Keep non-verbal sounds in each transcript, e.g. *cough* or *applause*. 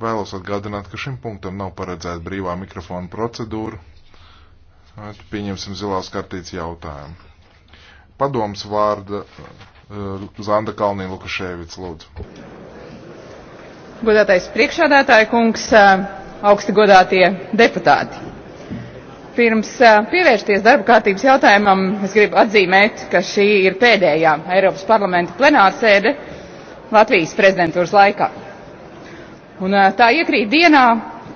Vēlos atgādināt, ka šim punktam nav paredzēta brīvā mikrofona procedūra. Pieņemsim zilās kartītes jautājumu. Padoms vārda eh, Zanda Kalnī Lukaševits, lūdzu. Godātais priekšādātāja kungs, eh, augsti godātie deputāti. Pirms eh, pievērsties darba kārtības jautājumam, es gribu atzīmēt, ka šī ir pēdējā Eiropas parlamenta plenārsēde Latvijas prezidentūras laikā. Un tā iekrīt dienā,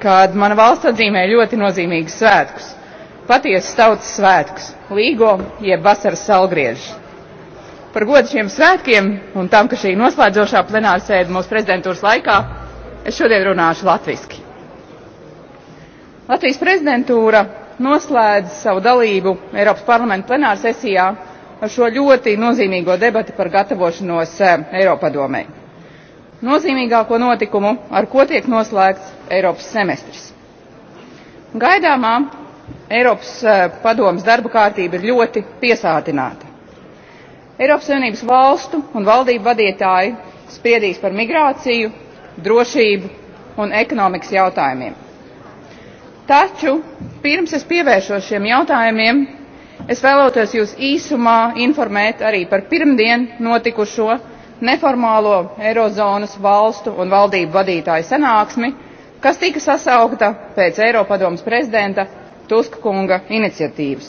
kad mana valsts atzīmē ļoti nozīmīgus svētkus. Patiesas tautas svētkus, līgo jeb vasaras salgriežus. Par godu šiem svētkiem un tam, ka šī noslēdzošā plenāra sēde mūsu prezidentūras laikā, es šodien runāšu latviski. Latvijas prezidentūra noslēdz savu dalību Eiropas parlamenta plenāra sesijā ar šo ļoti nozīmīgo debati par gatavošanos Eiropadomē nozīmīgāko notikumu ar ko tiek noslēgts eiropas semestris. gaidāmā eiropas eh, padomes darba kārtība ir ļoti piesātināta. eiropas savienības valstu un valdību vadītāji spriedīs par migrāciju drošību un ekonomikas jautājumiem. taču pirms es pievēršos šiem jautājumiem es vēlētos jūs īsumā informēt arī par pirmdien notikušo neformālo eirozonas valstu un valdību vadītāju sanāksmi kas tika sasaukta pēc eiropadomes prezidenta tuska kunga iniciatīvas.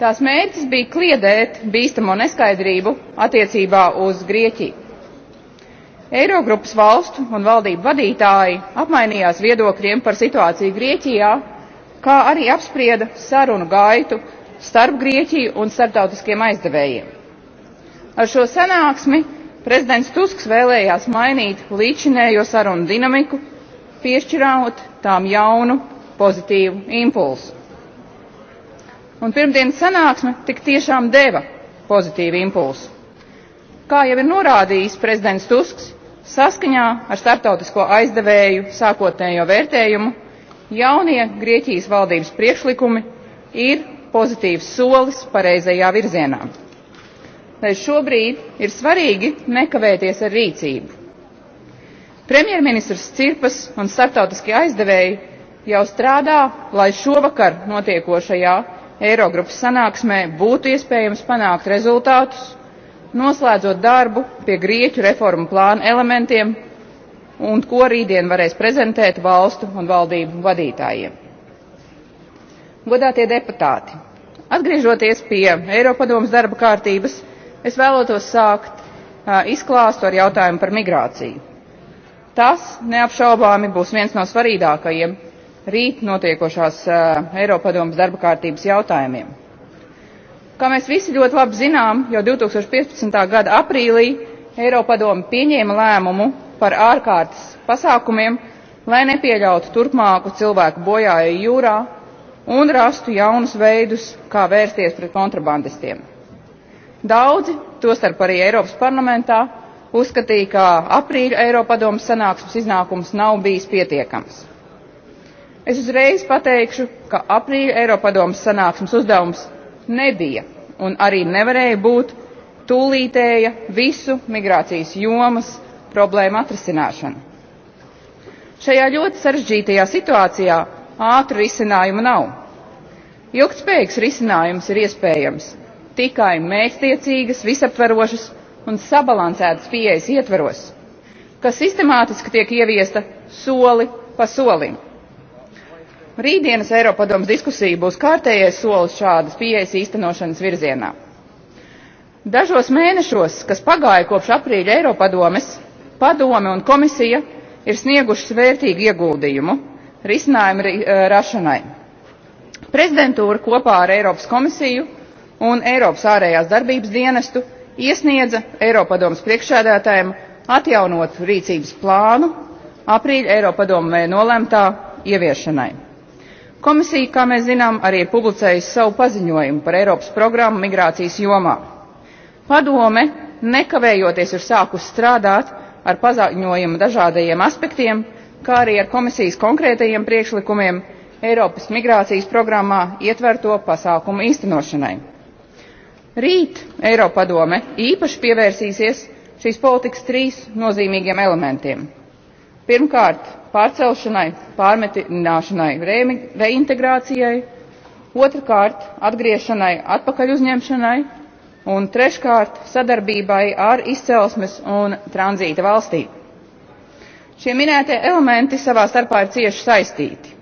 tās mērķis bija kliedēt bīstamo neskaidrību attiecībā uz grieķiju. eirogrupas valstu un valdību vadītāji apmainījās viedokļiem par situāciju grieķijā kā arī apsprieda sarunu gaitu starp grieķiju un starptautiskiem aizdevējiem ar šo sanāksmi prezidents tusks vēlējās mainīt līdzinējo sarunu dinamiku piešķirot tām jaunu pozitīvu impulsu. Un pirmdienas sanāksme tik tiešām deva pozitīvu impulsu. Kā jau ir norādījis prezidents Tusks, saskaņā ar starptautisko aizdevēju sākotnējo vērtējumu, jaunie Grieķijas valdības priekšlikumi ir pozitīvs solis pareizajā virzienā lai šobrīd ir svarīgi nekavēties ar rīcību. Premjerministrs Cirpas un starptautiskie aizdevēji jau strādā, lai šovakar notiekošajā Eirogrupas sanāksmē būtu iespējams panākt rezultātus, noslēdzot darbu pie Grieķu reformu plāna elementiem un ko rītdien varēs prezentēt valstu un valdību vadītājiem. Godātie deputāti, atgriežoties pie Eiropadomas darba kārtības, Es vēlētos sākt izklāstu ar jautājumu par migrāciju. Tas neapšaubāmi būs viens no svarīgākajiem rīt notiekošās Eiropadomas darba kārtības jautājumiem. Kā mēs visi ļoti labi zinām, jau 2015. gada aprīlī Eiropadoma pieņēma lēmumu par ārkārtas pasākumiem, lai nepieļautu turpmāku cilvēku bojāju jūrā un rastu jaunus veidus, kā vērsties pret kontrabandistiem daudzi tostarp arī eiropas parlamentā uzskatīja ka aprīļa eiropadomes sanāksmes iznākums nav bijis pietiekams. es uzreiz pateikšu ka aprīļa eiropadomes sanāksmes uzdevums nebija un arī nevarēja būt tūlītēja visu migrācijas jomas problēmu atrisināšana. Šajā ļoti sarežģītajā situācijā ātru risinājumu nav. Ilgtspējīgs risinājums ir iespējams tikai mērķtiecīgas, visaptverošas un sabalansētas pieejas ietveros, kas sistemātiski tiek ieviesta soli pa solim. Rītdienas Eiropadomas diskusija būs kārtējais solis šādas pieejas īstenošanas virzienā. Dažos mēnešos, kas pagāja kopš aprīļa Eiropadomes, padome un komisija ir sniegušas vērtīgu ieguldījumu risinājumu eh, rašanai. Prezidentūra kopā ar Eiropas komisiju un Eiropas ārējās darbības dienestu iesniedza Eiropadomas priekšsēdētājiem atjaunot rīcības plānu aprīļa Eiropadomē nolēmtā ieviešanai. Komisija, kā mēs zinām, arī ir publicējusi savu paziņojumu par Eiropas programmu migrācijas jomā. Padome, nekavējoties, ir sākus strādāt ar paziņojumu dažādajiem aspektiem, kā arī ar komisijas konkrētajiem priekšlikumiem Eiropas migrācijas programmā ietverto pasākumu īstenošanai rīt eiropadome īpaši pievērsīsies šīs politikas trīs nozīmīgiem elementiem pirmkārt pārcelšanai pārmetināšanai reintegrācijai otrkārt atgriešanai atpakaļ uzņemšanai un treškārt sadarbībai ar izcelsmes un tranzīta valstīm. šie minētie elementi savā starpā ir cieši saistīti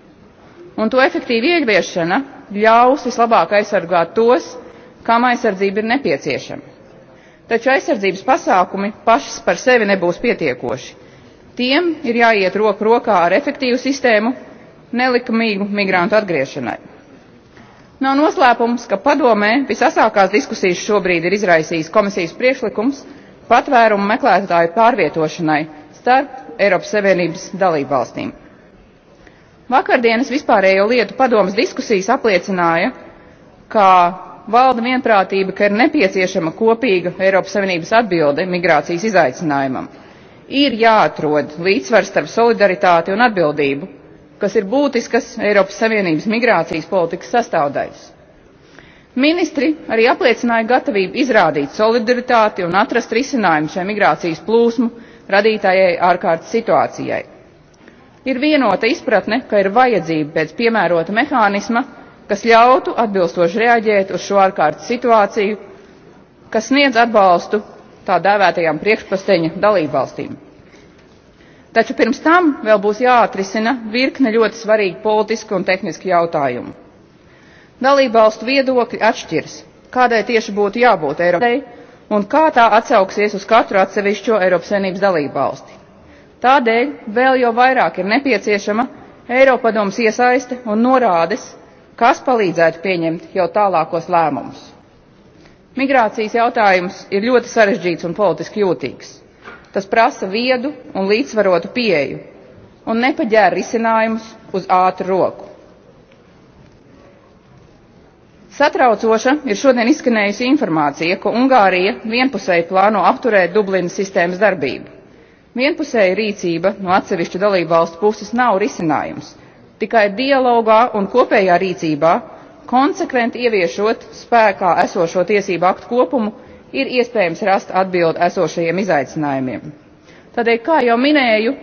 un to efektīva ieviešana ļaus vislabāk aizsargāt tos kam aizsardzība ir nepieciešama. Taču aizsardzības pasākumi pašas par sevi nebūs pietiekoši. Tiem ir jāiet roku rokā ar efektīvu sistēmu nelikumīgu migrantu atgriešanai. Nav noslēpums, ka padomē visasākās diskusijas šobrīd ir izraisījis komisijas priekšlikums patvērumu meklētāju pārvietošanai starp Eiropas Savienības dalībvalstīm. Vakardienas vispārējo lietu padomas diskusijas apliecināja, ka valda vienprātība ka ir nepieciešama kopīga eiropas savienības atbilde migrācijas izaicinājumam. ir jāatrod līdzsvars starp solidaritāti un atbildību kas ir būtiskas eiropas savienības migrācijas politikas sastāvdaļas. ministri arī apliecināja gatavību izrādīt solidaritāti un atrast risinājumu šai migrācijas plūsmu radītajai ārkārtas situācijai. ir vienota izpratne ka ir vajadzība pēc piemērota mehānisma kas ļautu atbilstoši reaģēt uz šo ārkārtas situāciju, kas sniedz atbalstu tā dēvētajām priekšpasteņa dalībvalstīm. Taču pirms tam vēl būs jāatrisina virkne ļoti svarīgi politiski un tehniski jautājumi. Dalībvalstu viedokļi atšķiras, kādai tieši būtu jābūt Eiropai un kā tā atsauksies uz katru atsevišķo Eiropas Savienības dalībvalsti. Tādēļ vēl jau vairāk ir nepieciešama Eiropadomas iesaiste un norādes kas palīdzētu pieņemt jau tālākos lēmumus. Migrācijas jautājums ir ļoti sarežģīts un politiski jūtīgs. Tas prasa viedu un līdzsvarotu pieeju un nepaģēra risinājumus uz ātru roku. Satraucoša ir šodien izskanējusi informācija, ka Ungārija vienpusēji plāno apturēt Dublinas sistēmas darbību. Vienpusēja rīcība no atsevišķu dalībvalstu puses nav risinājums, tikai dialogā un kopējā rīcībā konsekventi ieviešot spēkā esošo tiesību aktu kopumu ir iespējams rast atbildi esošajiem izaicinājumiem. tādēļ kā jau minēju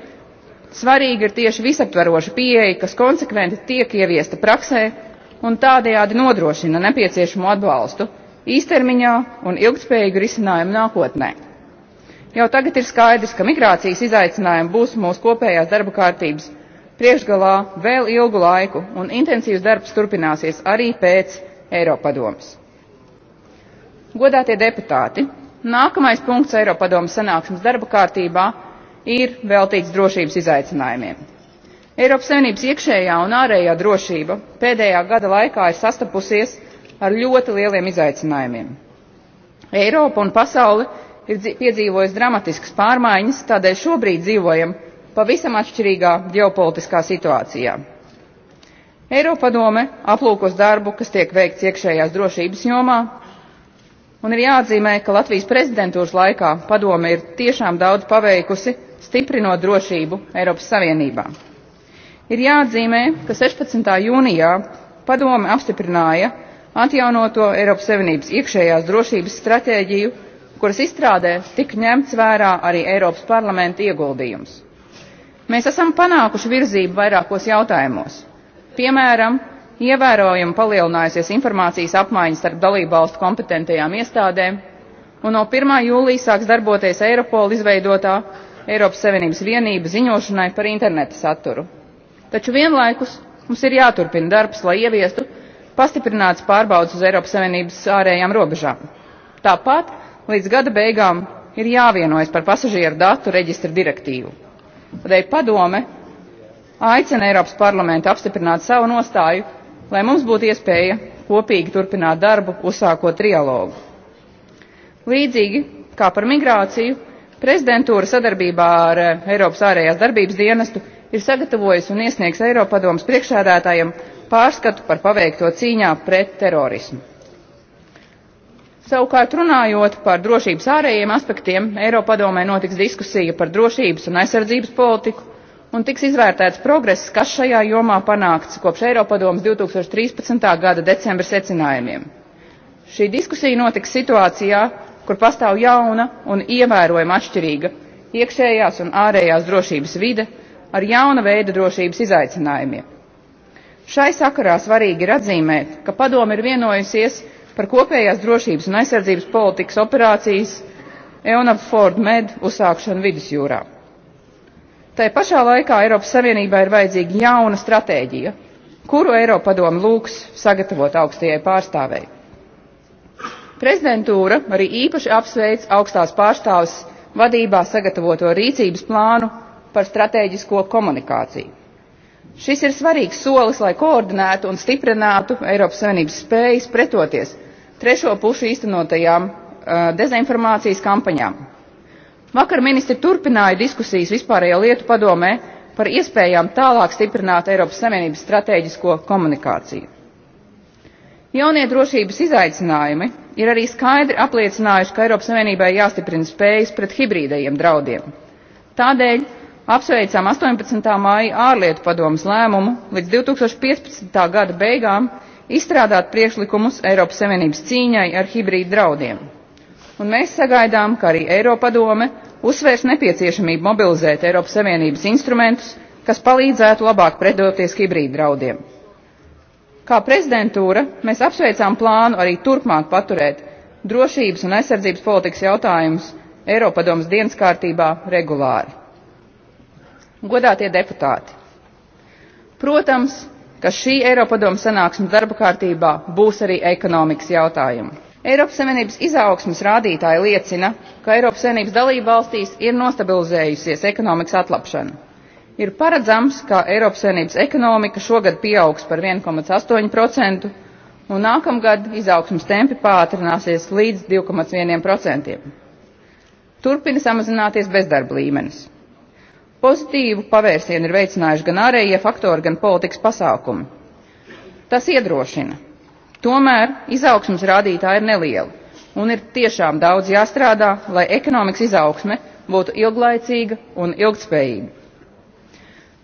svarīga ir tieši visaptveroša pieeja kas konsekventi tiek ieviesta praksē un tādējādi nodrošina nepieciešamo atbalstu īstermiņā un ilgtspējīgu risinājumu nākotnē. jau tagad ir skaidrs ka migrācijas izaicinājumi būs mūsu kopējās darba kārtības priekšgalā vēl ilgu laiku un intensīvs darbs turpināsies arī pēc eiropadomes. godātie deputāti nākamais punkts eiropadomes sanāksmes darba kārtībā ir veltīts drošības izaicinājumiem. eiropas savienības iekšējā un ārējā drošība pēdējā gada laikā ir sastapusies ar ļoti lieliem izaicinājumiem. eiropa un pasaule ir piedzīvojusi dramatiskas pārmaiņas tādēļ šobrīd dzīvojam pavisam atšķirīgā ģeopolitiskā situācijā. eiropadome aplūkos darbu kas tiek veikts iekšējās drošības jomā un ir jāatzīmē ka latvijas prezidentūras laikā padome ir tiešām daudz paveikusi stiprinot drošību eiropas savienībā. ir jāatzīmē ka 16. jūnijā padome apstiprināja atjaunoto eiropas savienības iekšējās drošības stratēģiju kuras izstrādē tika ņemts vērā arī eiropas parlamenta ieguldījums Mēs esam panākuši virzību vairākos jautājumos. Piemēram, ievērojami palielinājusies informācijas apmaiņas starp dalībvalstu kompetentajām iestādēm, un no 1. jūlijas sāks darboties Eiropola izveidotā Eiropas Savienības vienība ziņošanai par interneta saturu. Taču vienlaikus mums ir jāturpina darbs, lai ieviestu pastiprināts pārbaudas uz Eiropas Savienības ārējām robežām. Tāpat līdz gada beigām ir jāvienojas par pasažieru datu reģistra direktīvu tādēļ padome aicina Eiropas parlamentu apstiprināt savu nostāju, lai mums būtu iespēja kopīgi turpināt darbu, uzsākot trialogu. Līdzīgi kā par migrāciju, prezidentūra sadarbībā ar eh, Eiropas ārējās darbības dienestu ir sagatavojusi un iesniegs Eiropadomas priekšsēdētājiem pārskatu par paveikto cīņā pret terorismu. Savukārt, runājot par drošības ārējiem aspektiem, Eiropadomē notiks diskusija par drošības un aizsardzības politiku un tiks izvērtēts progress, kas šajā jomā panākts kopš Eiropadomas 2013. gada decembra secinājumiem. Šī diskusija notiks situācijā, kur pastāv jauna un ievērojama atšķirīga iekšējās un ārējās drošības vide ar jauna veida drošības izaicinājumiem. Šai sakarā svarīgi ir atzīmēt, ka padome ir vienojusies par kopējās drošības un aizsardzības politikas operācijas EUNAVFOR MED uzsākšanu vidusjūrā. Tai pašā laikā Eiropas Savienībā ir vajadzīga jauna stratēģija, kuru Eiropa padomu lūgs sagatavot augstajai pārstāvēji. Prezidentūra arī īpaši apsveic augstās pārstāvs vadībā sagatavoto rīcības plānu par stratēģisko komunikāciju. Šis ir svarīgs solis, lai koordinētu un stiprinātu Eiropas Savienības spējas pretoties trešo pušu īstenotajām dezinformācijas kampaņām. vakar ministri turpināja diskusijas vispārējo lietu padomē par iespējām tālāk stiprināt eiropas savienības stratēģisko komunikāciju. jaunie drošības izaicinājumi ir arī skaidri apliecinājuši ka eiropas savienībai jāstiprina spējas pret hibrīdajiem draudiem. tādēļ apsveicam 18. māja ārlietu padomes lēmumu līdz 2015. gada beigām izstrādāt priekšlikumus Eiropas Savienības cīņai ar hibrīdu draudiem. Un mēs sagaidām, ka arī Eiropadome uzsvērs nepieciešamību mobilizēt Eiropas Savienības instrumentus, kas palīdzētu labāk pretoties hibrīdu draudiem. Kā prezidentūra mēs apsveicām plānu arī turpmāk paturēt drošības un aizsardzības politikas jautājumus Eiropadomas dienas kārtībā regulāri. Godātie deputāti! Protams, ka šī Eiropadomas sanāksme darba kārtībā būs arī ekonomikas jautājumi. Eiropas Savienības izaugsmas rādītāji liecina, ka Eiropas Savienības dalība valstīs ir nostabilizējusies ekonomikas atlapšana. Ir paredzams, ka Eiropas Savienības ekonomika šogad pieaugs par 1,8% un nākamgad izaugsmas tempi pātrināsies līdz 2,1%. Turpina samazināties bezdarba līmenis Pozitīvu pavērsienu ir veicinājuši gan ārējie faktori, gan politikas pasākumi. Tas iedrošina. Tomēr izaugsmas rādītāji ir nelieli un ir tiešām daudz jāstrādā, lai ekonomikas izaugsme būtu ilglaicīga un ilgtspējīga.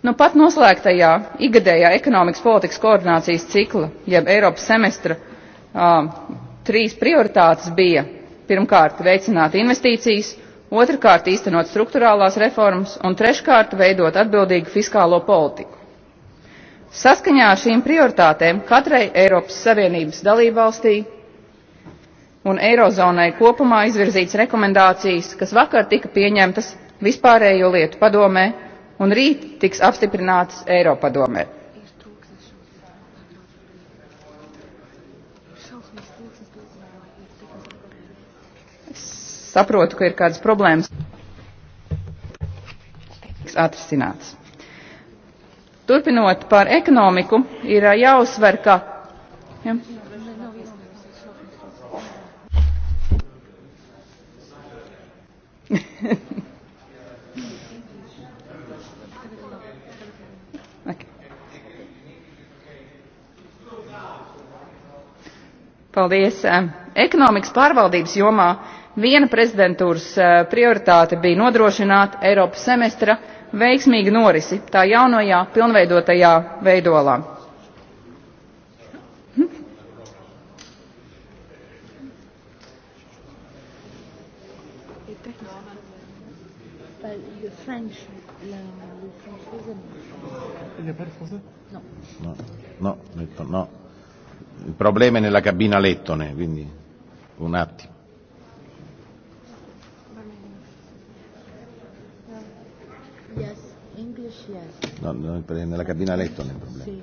Nu pat noslēgtajā igadējā ekonomikas politikas koordinācijas cikla, jeb Eiropas semestra, uh, trīs prioritātes bija pirmkārt veicināt investīcijas, otrkārt īstenot strukturālās reformas un treškārt veidot atbildīgu fiskālo politiku. Saskaņā ar šīm prioritātēm katrai Eiropas Savienības dalībvalstī un Eirozonai kopumā izvirzīts rekomendācijas, kas vakar tika pieņemtas vispārējo lietu padomē un rīt tiks apstiprinātas Eiropadomē. Saprotu, ka ir kādas problēmas atrisināts. Turpinot par ekonomiku, ir jāuzsver, ka. Ja? *laughs* okay. Paldies. Ekonomikas pārvaldības jomā viena prezidentūras eh, prioritāte bija nodrošināt Eiropas semestra veiksmīgu norisi tā jaunajā pilnveidotajā veidolā. French, la, le français. Il n'y a pas de français Non. No, no, no. Il problema è nella cabina lettone, quindi un attimo. No, no, nella cabina letto nel problema. Sì.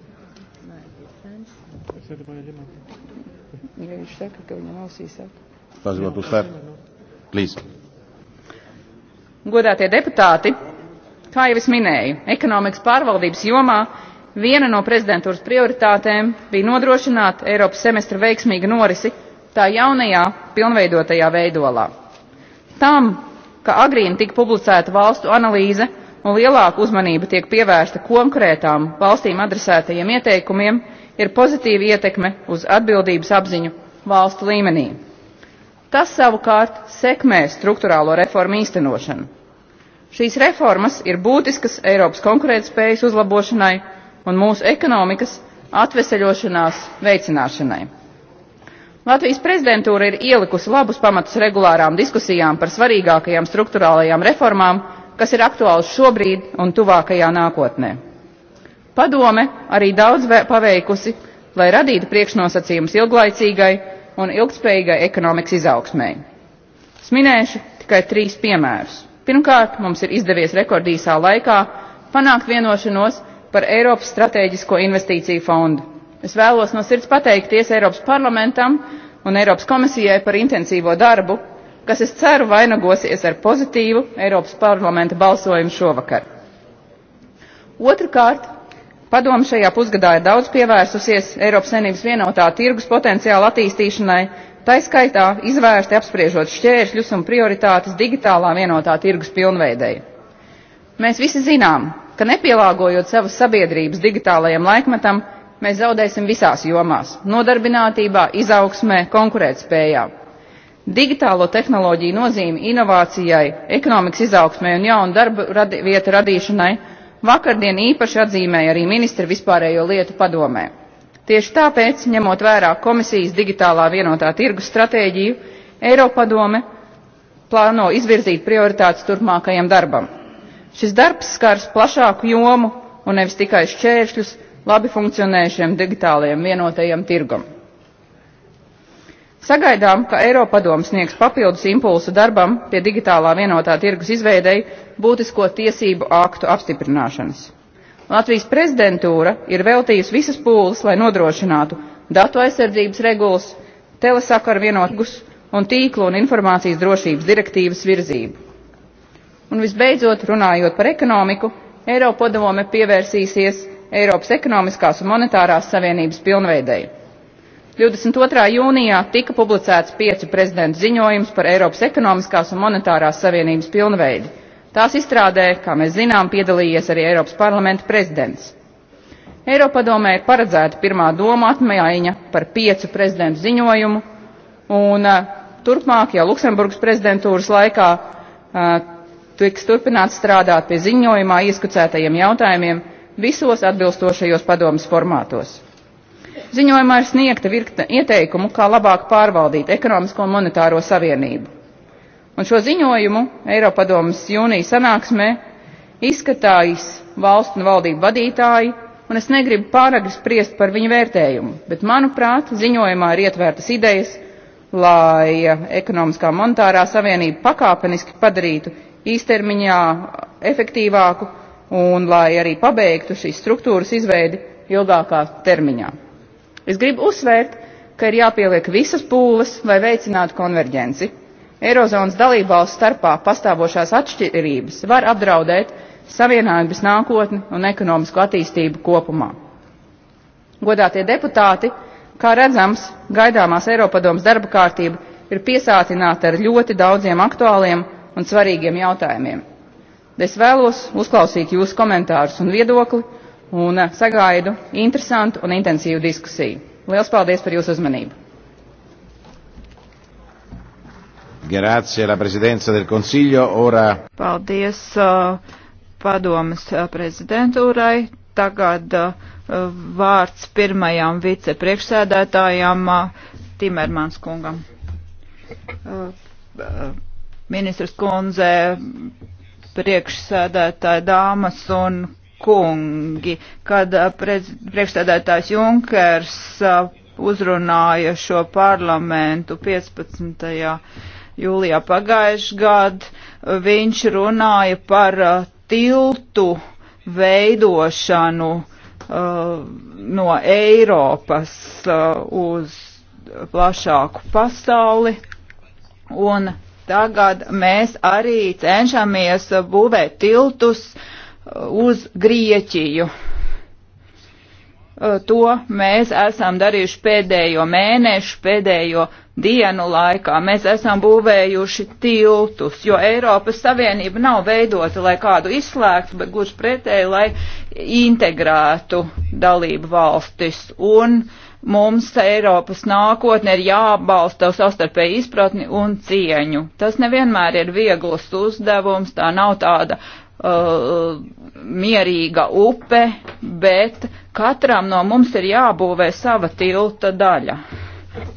Godātie deputāti, kā jau es minēju, ekonomikas pārvaldības jomā viena no prezidentūras prioritātēm bija nodrošināt Eiropas semestra veiksmīgu norisi tā jaunajā, pilnveidotajā veidolā. Tam, ka agrīn tika publicēta valstu analīze un lielāka uzmanība tiek pievērsta konkrētām valstīm adresētajiem ieteikumiem ir pozitīva ietekme uz atbildības apziņu valstu līmenī. Tas savukārt sekmē struktūrālo reformu īstenošanu. Šīs reformas ir būtiskas Eiropas konkurētspējas uzlabošanai un mūsu ekonomikas atveseļošanās veicināšanai. Latvijas prezidentūra ir ielikusi labus pamatus regulārām diskusijām par svarīgākajām struktūrālajām reformām, kas ir aktuāls šobrīd un tuvākajā nākotnē. Padome arī daudz paveikusi, lai radītu priekšnosacījumus ilglaicīgai un ilgspējīgai ekonomikas izaugsmēji. Es minēšu tikai trīs piemērus. Pirmkārt, mums ir izdevies rekordīsā laikā panākt vienošanos par Eiropas strateģisko investīciju fondu. Es vēlos no sirds pateikties Eiropas parlamentam un Eiropas komisijai par intensīvo darbu, kas es ceru vainagosies ar pozitīvu Eiropas parlamenta balsojumu šovakar. Otrakārt, padome šajā pusgadā ir daudz pievērsusies Eiropas Savienības vienotā tirgus potenciāla attīstīšanai, tai skaitā izvērsti apspriežot šķēršļus un prioritātes digitālā vienotā tirgus pilnveidei. Mēs visi zinām, ka nepielāgojot savas sabiedrības digitālajam laikmetam, mēs zaudēsim visās jomās – nodarbinātībā, izaugsmē, konkurētspējā. spējā digitālo tehnoloģiju nozīmi inovācijai ekonomikas izaugsmei un jaunu darba radi, vietu radīšanai vakardien īpaši atzīmēja arī ministri vispārējo lietu padomē. tieši tāpēc ņemot vērā komisijas digitālā vienotā tirgus stratēģiju eiropadome plāno izvirzīt prioritātes turpmākajam darbam. šis darbs skars plašāku jomu un nevis tikai šķēršļus labi funkcionējošiem digitālajam vienotajam tirgum sagaidām ka eiropadome sniegs papildus impulsu darbam pie digitālā vienotā tirgus izveidei būtisko tiesību aktu apstiprināšanas. latvijas prezidentūra ir veltījusi visas pūles lai nodrošinātu datu aizsardzības regulas telesakaru vienotus un tīklu un informācijas drošības direktīvas virzību. Un visbeidzot, runājot par ekonomiku, Eiropadome pievērsīsies Eiropas ekonomiskās un monetārās savienības pilnveidei 22. jūnijā tika publicēts piecu prezidentu ziņojums par Eiropas ekonomiskās un monetārās savienības pilnveidi. Tās izstrādē, kā mēs zinām, piedalījies arī Eiropas parlamenta prezidents. Eiropadomē ir paredzēta pirmā doma apmaiņa par piecu prezidentu ziņojumu, un eh, turpmāk jau Luksemburgas prezidentūras laikā eh, tiks turpināts strādāt pie ziņojumā ieskicētajiem jautājumiem visos atbilstošajos padomas formātos. Ziņojumā ir sniegta virkne ieteikumu, kā labāk pārvaldīt ekonomisko un monetāro savienību. Un šo ziņojumu Eiropadomas jūnija sanāksmē izskatājis valstu un valdību vadītāji, un es negribu pāragri spriest par viņu vērtējumu, bet, manuprāt, ziņojumā ir ietvērtas idejas, lai ekonomiskā monetārā savienība pakāpeniski padarītu īstermiņā efektīvāku un lai arī pabeigtu šīs struktūras izveidi ilgākā termiņā. Es gribu uzsvērt, ka ir jāpieliek visas pūles, lai veicinātu konverģenci. Eirozonas dalībvalstu starpā pastāvošās atšķirības var apdraudēt savienības nākotni un ekonomisko attīstību kopumā. Godātie deputāti, kā redzams, gaidāmās Eiropadomas darba kārtība ir piesātināta ar ļoti daudziem aktuāliem un svarīgiem jautājumiem. Es vēlos uzklausīt jūsu komentārus un viedokli un eh, sagaidu interesantu un intensīvu diskusiju. Liels paldies par jūsu uzmanību! Grazie alla Presidenza del Consiglio. Ora... Paldies uh, eh, padomas eh, prezidentūrai. Tagad uh, vārds pirmajam vicepriekšsēdētājam uh, Timermans kungam. Ministrs kundze, priekšsēdētāji dāmas un kungi, kad uh, priekšstādātājs Junkers uh, uzrunāja šo parlamentu 15. jūlijā pagājušajā gadā, viņš runāja par uh, tiltu veidošanu uh, no Eiropas uh, uz plašāku pasauli. Un tagad mēs arī cenšamies būvēt tiltus uh, uz Grieķiju. Eh, to mēs esam darījuši pēdējo mēnešu, pēdējo dienu laikā. Mēs esam būvējuši tiltus, jo Eiropas Savienība nav veidota, lai kādu izslēgtu, bet gluži pretēji, lai integrētu dalību valstis. Un mums Eiropas nākotne ir jābalsta uz savstarpēju izpratni un cieņu. Tas nevienmēr ir viegls uzdevums, tā nav tāda uh, uh, mierīga upe, bet katram no mums ir jābūvē sava tilta daļa.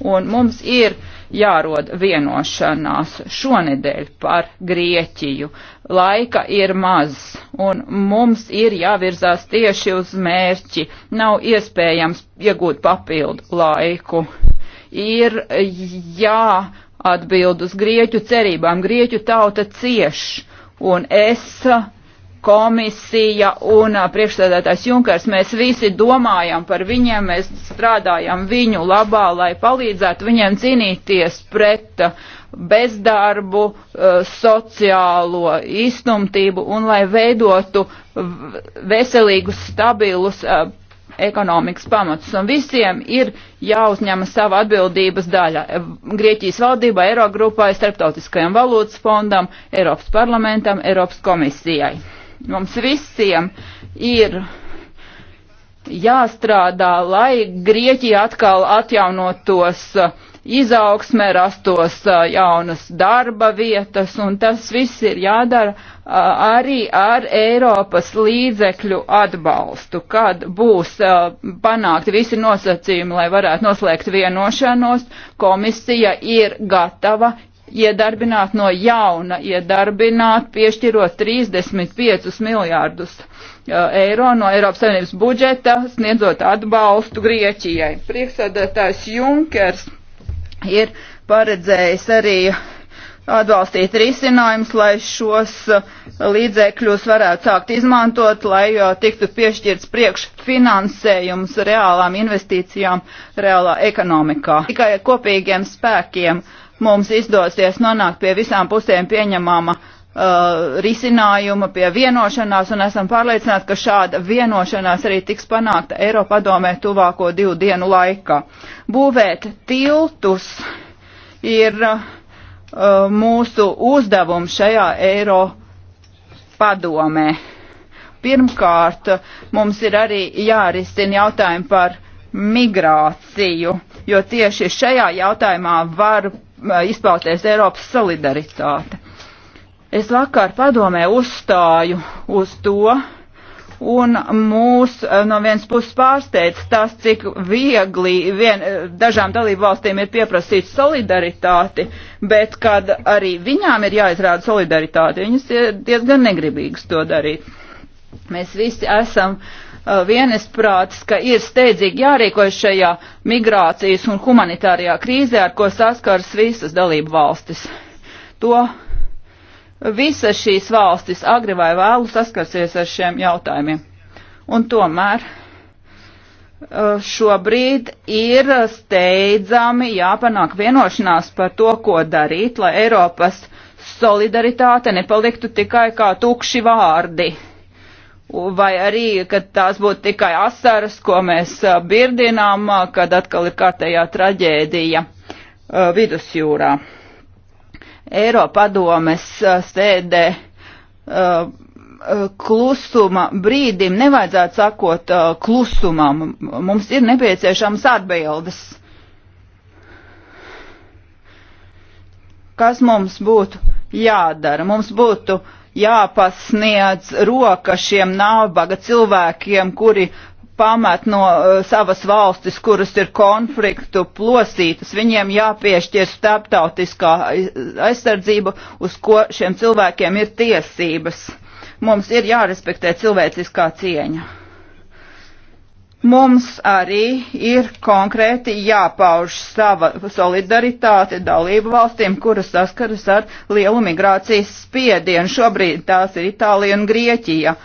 Un mums ir jārod vienošanās šonedēļ par Grieķiju. Laika ir maz, un mums ir jāvirzās tieši uz mērķi. Nav iespējams iegūt papildu laiku. Ir jāatbild uz Grieķu cerībām. Grieķu tauta cieš, un es komisija un priekšsēdētājs Junkers, mēs visi domājam par viņiem, mēs strādājam viņu labā, lai palīdzētu viņiem cīnīties pret bezdarbu, sociālo izstumtību un lai veidotu veselīgus, stabilus ekonomikas pamatus. Un visiem ir jāuzņemas sava atbildības daļa. Grieķijas valdībai, Eirogrupai, Starptautiskajam valūtas fondam, Eiropas parlamentam, Eiropas komisijai. Mums visiem ir jāstrādā, lai Grieķija atkal atjaunotos izaugsmē, rastos jaunas darba vietas, un tas viss ir jādara arī ar Eiropas līdzekļu atbalstu, kad būs panākti visi nosacījumi, lai varētu noslēgt vienošanos, komisija ir gatava iedarbināt no jauna, iedarbināt, piešķirot 35 miljārdus uh, eiro no Eiropas Savienības budžeta, sniedzot atbalstu Grieķijai. Priekšsēdētājs Junkers ir paredzējis arī atbalstīt risinājumus, lai šos uh, līdzekļus varētu sākt izmantot, lai uh, tiktu piešķirts priekšfinansējums reālām investīcijām reālā ekonomikā. Tikai kopīgiem spēkiem uh, mums izdosies nonākt pie visām pusēm pieņemama uh, risinājuma, pie vienošanās, un esam pārliecināti, ka šāda vienošanās arī tiks panākta Eiropadomē tuvāko divu dienu laikā. Būvēt tiltus ir uh, mūsu uzdevums šajā Eiropadomē. Pirmkārt, mums ir arī jārisina jautājumi par migrāciju, jo tieši šajā jautājumā var izpausties Eiropas solidaritāte. Es vakar padomē uzstāju uz to, un mūs eh, no vienas puses pārsteidz tas, cik viegli vien, eh, dažām dalību valstīm ir pieprasīt solidaritāti, bet kad arī viņām ir jāizrāda solidaritāte, viņas ir diezgan negribīgas to darīt. Mēs visi esam uh, Uh, vienisprāts, ka ir steidzīgi jārīkojas šajā migrācijas un humanitārajā krīzē, ar ko saskars visas dalību valstis. To visas šīs valstis agri vai vēlu saskarsies ar šiem jautājumiem. Un tomēr uh, šobrīd ir steidzami jāpanāk vienošanās par to, ko darīt, lai Eiropas solidaritāte nepaliktu tikai kā tukši vārdi vai arī, kad tās būtu tikai asaras, ko mēs birdinām, kad atkal ir kārtējā traģēdija vidusjūrā. Eiropadomes sēdē klusuma brīdim nevajadzētu sakot klusumam. Mums ir nepieciešams atbildes. Kas mums būtu jādara? Mums būtu uh, jāpasniedz roka šiem nābaga cilvēkiem, kuri pamet no uh, savas valstis, kuras ir konfliktu plosītas. Viņiem jāpiešķir starptautiskā aizsardzība, uz ko šiem cilvēkiem ir tiesības. Mums ir jārespektē cilvēciskā cieņa. Mums arī ir konkrēti jāpauž sava solidaritāte dalību valstīm, kuras saskaras ar lielu migrācijas spiedienu. Šobrīd tās ir Itālija un Grieķija.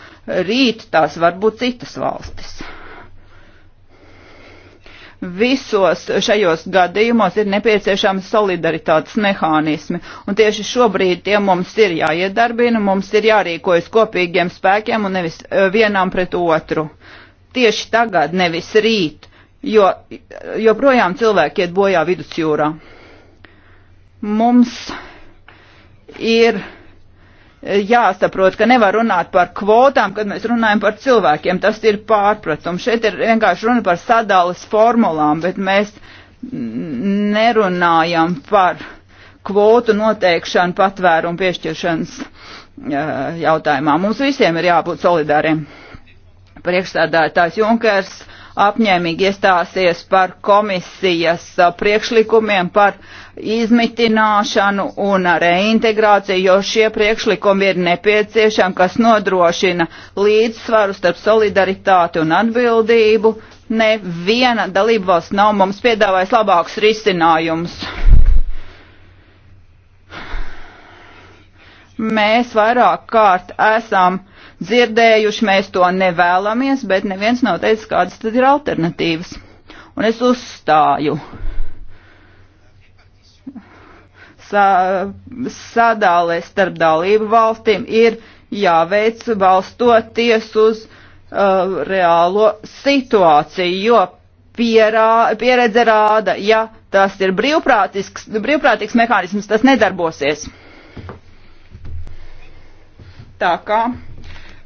Rīt tās var būt citas valstis visos šajos gadījumos ir nepieciešams solidaritātes mehānismi. Un tieši šobrīd tie mums ir jāiedarbina, mums ir jārīkojas kopīgiem spēkiem un nevis eh, vienām pret otru. Uh, tieši tagad, nevis rīt, jo joprojām cilvēki iet bojā vidusjūrā. Mums ir eh, jāsaprot, ka nevar runāt par kvotām, kad mēs runājam par cilvēkiem. Tas ir pārpratums. Šeit ir vienkārši runa par sadales formulām, bet mēs nerunājam par kvotu noteikšanu patvērumu piešķiršanas eh, jautājumā. Mums visiem ir jābūt solidāriem priekšsēdētājs Junkers apņēmīgi iestāsies par komisijas priekšlikumiem par izmitināšanu un reintegrāciju, jo šie priekšlikumi ir nepieciešami, kas nodrošina līdzsvaru starp solidaritāti un atbildību. Neviena dalībvalsts nav mums piedāvājis labāks risinājums. Mēs vairāk kārt esam dzirdējuši, mēs to nevēlamies, bet neviens nav teicis, kādas tad ir alternatīvas. Un es uzstāju. Sa sadālē starp dalību valstīm ir jāveic balstoties uz uh, reālo situāciju, jo pierā, pieredze rāda, ja tas ir brīvprātīgs, brīvprātīgs mehānisms, tas nedarbosies. Tā kā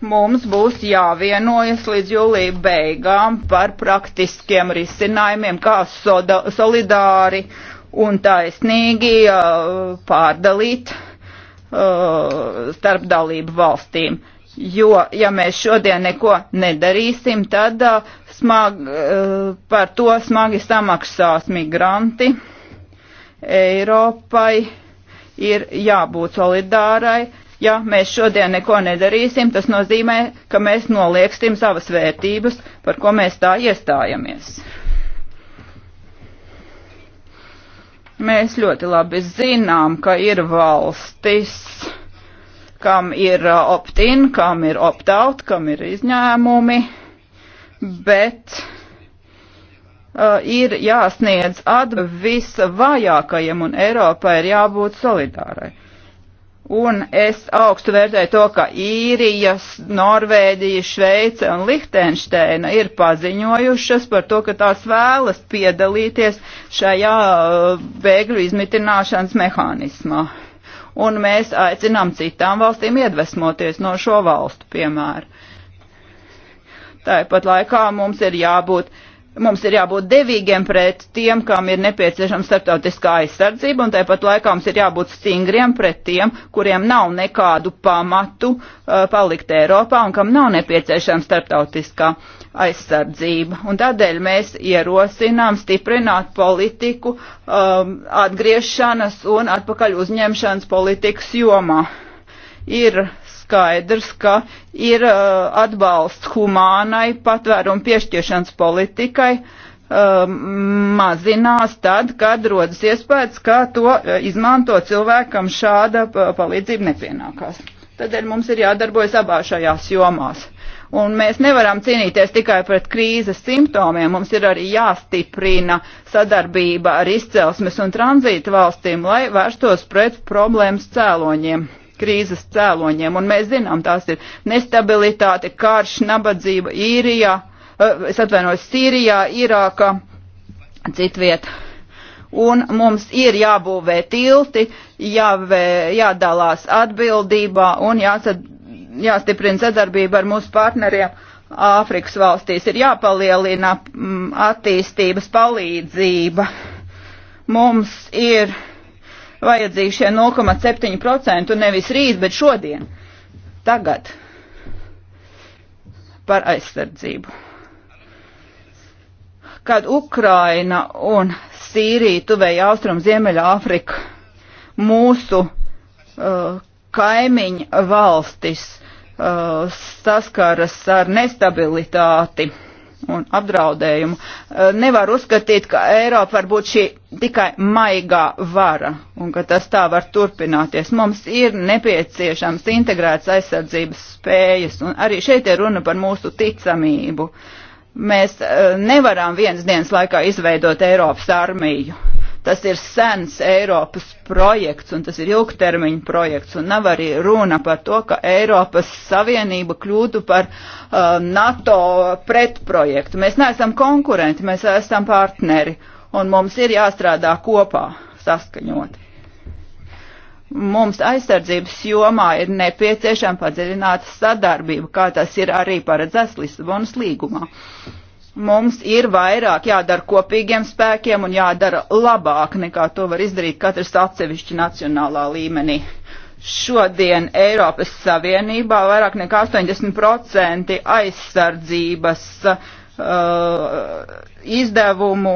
mums būs jāvienojas līdz jūlija beigām par praktiskiem risinājumiem, kā soda, solidāri un taisnīgi uh, pārdalīt uh, starp dalību valstīm. Jo, ja mēs šodien neko nedarīsim, tad uh, smag, uh, par to smagi samaksās migranti. Eiropai ir jābūt solidārai, Ja mēs šodien neko nedarīsim, tas nozīmē, ka mēs nolieksim savas vērtības, par ko mēs tā iestājamies. Mēs ļoti labi zinām, ka ir valstis, kam ir uh, opt-in, kam ir opt-out, kam ir izņēmumi, bet uh, ir jāsniedz atbildi visvājākajiem, un Eiropai ir jābūt solidārai. Un es augstu vērtēju to, ka īrijas, Norvēģija, Šveice un Lihtenšteina ir paziņojušas par to, ka tās vēlas piedalīties šajā uh, bēgļu izmitināšanas mehānismā. Un mēs aicinām citām valstīm iedvesmoties no šo valstu piemēru. Tāpat laikā mums ir jābūt uh, Mums ir jābūt devīgiem pret tiem, kam ir nepieciešama starptautiskā aizsardzība, un tāpat laikā mums ir jābūt stingriem pret tiem, kuriem nav nekādu pamatu uh, palikt Eiropā un kam nav nepieciešama starptautiskā aizsardzība. Un tādēļ mēs ierosinām stiprināt politiku um, atgriešanas un atpakaļ uzņemšanas politikas jomā. Ir skaidrs, ka ir uh, atbalsts humānai patvērumu piešķiršanas politikai uh, mazinās tad, kad rodas iespējas, ka to uh, izmanto cilvēkam šāda uh, palīdzība nepienākās. Tādēļ mums ir jādarbojas abās šajās jomās. Un mēs nevaram cīnīties tikai pret krīzes simptomiem, mums ir arī jāstiprina sadarbība ar izcelsmes un tranzīta valstīm, lai vērstos pret problēmas cēloņiem krīzes cēloņiem, un mēs zinām, tās ir nestabilitāte, karš, nabadzība īrijā, eh, es atvainojos, Sīrijā, Irākā, citviet. Un mums ir jābūvē tilti, jāvē, jādalās atbildībā un jāsad, jāstiprina sadarbība ar mūsu partneriem. Āfrikas valstīs ir jāpalielina mm, attīstības palīdzība. Mums ir vajadzīgi šie 0,7% nevis rīt, bet šodien, tagad par aizsardzību. Kad Ukraina un Sīrija tuvēja austrum Ziemeļa Āfrika mūsu uh, kaimiņu valstis uh, saskaras ar nestabilitāti un apdraudējumu. Eh, nevar uzskatīt, ka Eiropa var būt šī tikai maigā vara un ka tas tā var turpināties. Mums ir nepieciešams integrēts aizsardzības spējas un arī šeit ir runa par mūsu ticamību. Mēs eh, nevaram viens dienas laikā izveidot Eiropas armiju. Tas ir sens Eiropas projekts, un tas ir ilgtermiņa projekts, un nav arī runa par to, ka Eiropas Savienība kļūtu par uh, NATO pretprojektu. Mēs neesam konkurenti, mēs esam partneri, un mums ir jāstrādā kopā, saskaņoti. Mums aizsardzības jomā ir nepieciešama padziļināta sadarbība, kā tas ir arī paredzēts Lisabonas līgumā. Uh, mums ir vairāk jādara kopīgiem spēkiem un jādara labāk nekā to var izdarīt katrs atsevišķi nacionālā līmenī. Šodien Eiropas Savienībā vairāk nekā 80% aizsardzības uh, Uh, izdevumu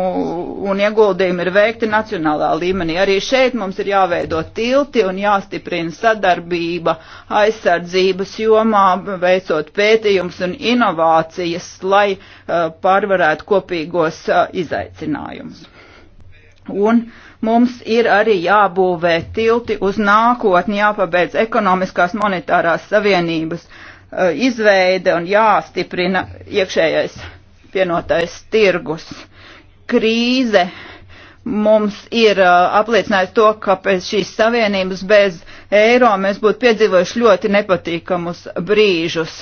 un ieguldījumi ir veikti nacionālā līmenī. Arī šeit mums ir jāveido tilti un jāstiprina sadarbība aizsardzības jomā, veicot pētījums un inovācijas, lai uh, pārvarētu kopīgos uh, izaicinājumus. Un mums ir arī jābūvē tilti uz nākotni, jāpabeidz ekonomiskās monetārās savienības izveide un jāstiprina iekšējais vienotais tirgus. Krīze mums ir uh, apliecinājis to, ka pēc šīs savienības bez eiro mēs būtu piedzīvojuši ļoti nepatīkamus brīžus.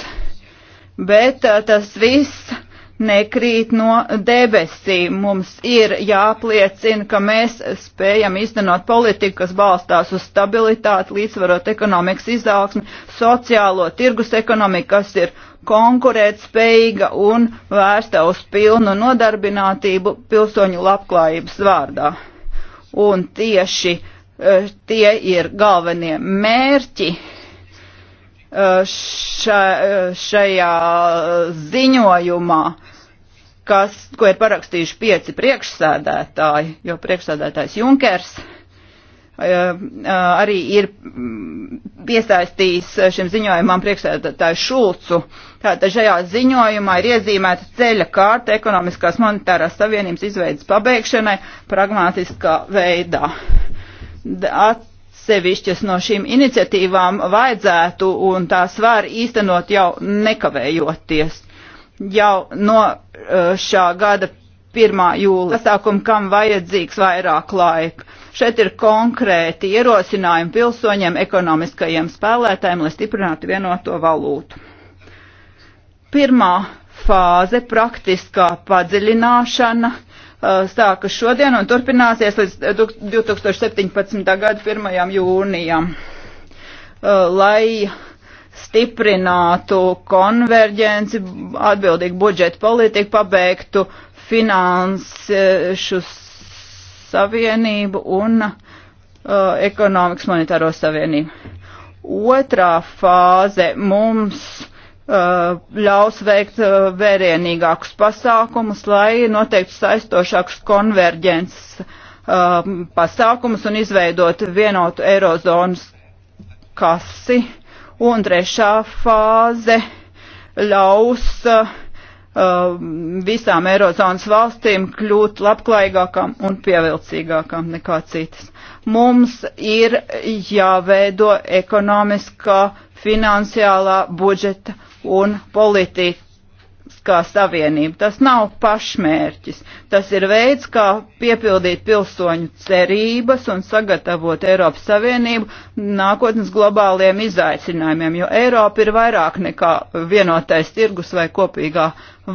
Bet uh, tas viss nekrīt no debesīm. Mums ir jāpliecina, ka mēs spējam izdenot politiku, kas balstās uz stabilitāti, līdzvarot ekonomikas izaugsmi, sociālo tirgus ekonomiku, kas ir konkurētspējīga un vērsta uz pilnu nodarbinātību pilsoņu labklājības vārdā. Un tieši eh, tie ir galvenie mērķi Eh, ša, eh, šajā ziņojumā, kas, ko ir parakstījuši pieci priekšsēdētāji, jo priekšsēdētājs Junkers eh, arī ir mm, piesaistījis šim ziņojumam priekšsēdētāju Šulcu. Tātad šajā ziņojumā ir iezīmēta ceļa kārta ekonomiskās monetārās savienības izveidas pabeigšanai pragmatiskā veidā. At, atsevišķas no šīm iniciatīvām vajadzētu un tās var īstenot jau nekavējoties. Jau no eh, šā gada 1. jūlija pasākumu, kam vajadzīgs vairāk laika. Šeit ir konkrēti ierosinājumi pilsoņiem, ekonomiskajiem spēlētājiem, lai stiprinātu vienoto valūtu. Pirmā fāze - praktiskā padziļināšana Uh, sākas šodien un turpināsies līdz 2017. gada 1. jūnijam, uh, lai stiprinātu konverģenci, atbildīgu budžetu politiku, pabeigtu finanšu savienību un uh, ekonomikas monetāro savienību. Otrā fāze mums Uh, ļaus veikt uh, vērienīgākus pasākumus, lai noteikti saistošākus konverģences um, pasākumus un izveidot vienotu eirozonas kasi. Un trešā fāze ļaus uh, um, visām Eirozonas valstīm kļūt labklājīgākām un pievilcīgākām nekā citas. Mums ir jāveido ekonomiskā, finansiālā budžeta un politiskā savienība. Tas nav pašmērķis. Tas ir veids, kā piepildīt pilsoņu cerības un sagatavot Eiropas Savienību nākotnes globāliem izaicinājumiem, jo Eiropa ir vairāk nekā vienotais tirgus vai kopīgā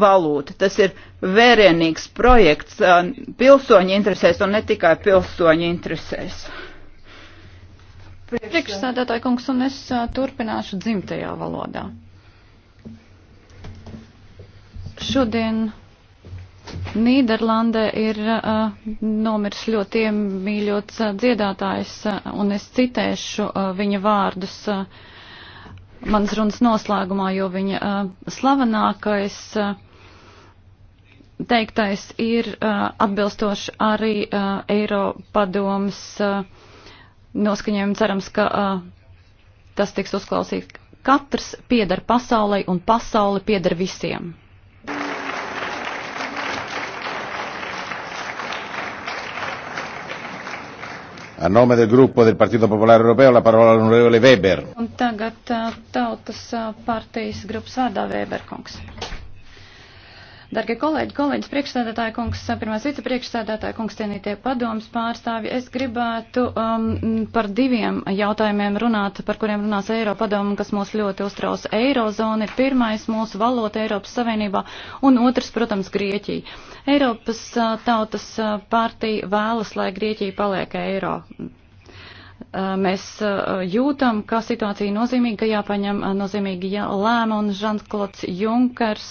valūta. Tas ir vērienīgs projekts pilsoņu interesēs un ne tikai pilsoņu interesēs. Priekšsēdētāji kungs, un es turpināšu dzimtajā valodā. Šodien Nīderlandē ir uh, nomirs ļoti iemīļots uh, dziedātājs, uh, un es citēšu uh, viņa vārdus uh, manas runas noslēgumā, jo viņa uh, slavenākais uh, teiktais ir uh, atbilstoši arī uh, Eiropadomas uh, noskaņojumu. Cerams, ka uh, tas tiks uzklausīts. Katrs pieder pasaulē, un pasauli pieder visiem. A nome del gruppo del Partito Popolare Europeo la parola all'onorevole Weber. Un tagad eh, tautas eh, partijas grupas vārdā Weber kungs. Dargie kolēģi, kolēģis priekšsēdētāja kungs, pirmās vicepriekšsēdētāja kungs, cienītie padomas pārstāvi, es gribētu um, par diviem jautājumiem runāt, par kuriem runās Eiropadoma, kas mūs ļoti uztrauc. Eirozona ir pirmais mūsu valota Eiropas Savienībā un otrs, protams, Grieķija. Eiropas uh, tautas uh, partija vēlas, lai Grieķija paliek eiro uh, mēs uh, jūtam, ka situācija ir nozīmīga, ka jāpaņem uh, nozīmīgi lēma, un Žants Klots Junkers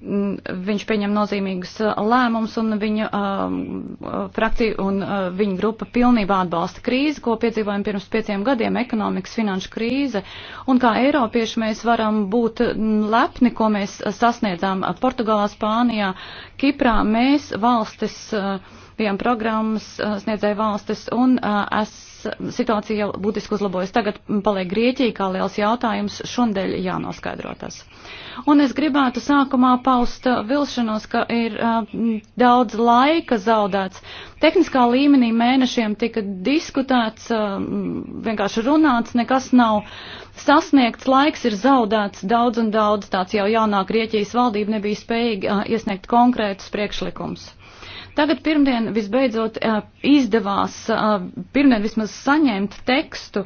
Mm, viņš pieņem nozīmīgus uh, lēmumus un viņa um, uh, frakcija un uh, viņa grupa pilnībā atbalsta krīzi, ko piedzīvojam pirms pieciem gadiem - ekonomikas finanšu krīze. Un kā eiropieši mēs varam būt mm, lepni, ko mēs uh, sasniedzām Portugālā, Spānijā, Kiprā. Mēs valstis, uh, bijām programmas uh, sniedzēja valstis un uh, es situācija jau būtiski uzlabojas. Tagad paliek Grieķija kā liels jautājums, šundēļ jānoskaidro tas. Un es gribētu sākumā paust vilšanos, ka ir uh, daudz laika zaudēts. Tehniskā līmenī mēnešiem tika diskutēts, uh, vienkārši runāts, nekas nav sasniegts, laiks ir zaudēts daudz un daudz, tāds jau jaunā Grieķijas valdība nebija spējīga uh, iesniegt konkrētus priekšlikumus. Tagad pirmdien visbeidzot eh, izdevās, eh, pirmdien vismaz saņemt tekstu,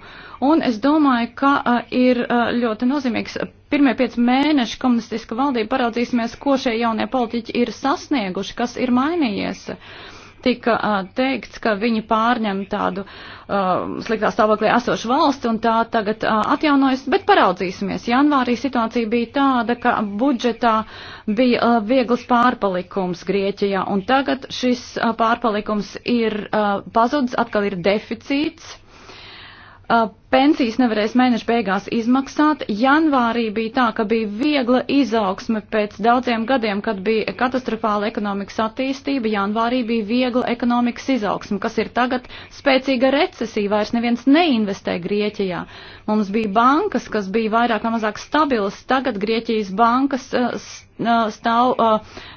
un es domāju, ka eh, ir ļoti nozīmīgs pirmie pieci mēneši komunistiska valdība paraudzīsimies, ko šie jaunie politiķi ir sasnieguši, kas ir mainījies. Uh, tika teikts, ka viņi pārņem tādu sliktā stāvoklī esošu valsti un tā tagad atjaunojas, bet paraudzīsimies. Janvārī situācija bija tāda, ka budžetā bija viegls pārpalikums Grieķijā un tagad šis pārpalikums ir pazudis, atkal ir deficīts Uh, pensijas nevarēs mēneša beigās izmaksāt. Janvārī bija tā, ka bija viegla izaugsme pēc daudziem gadiem, kad bija katastrofāla ekonomikas attīstība. Janvārī bija viegla ekonomikas izaugsme, kas ir tagad spēcīga recesija. Vairs neviens neinvestē Grieķijā. Mums bija bankas, kas bija vairāk vai mazāk stabilas. Tagad Grieķijas bankas uh, uh, stāv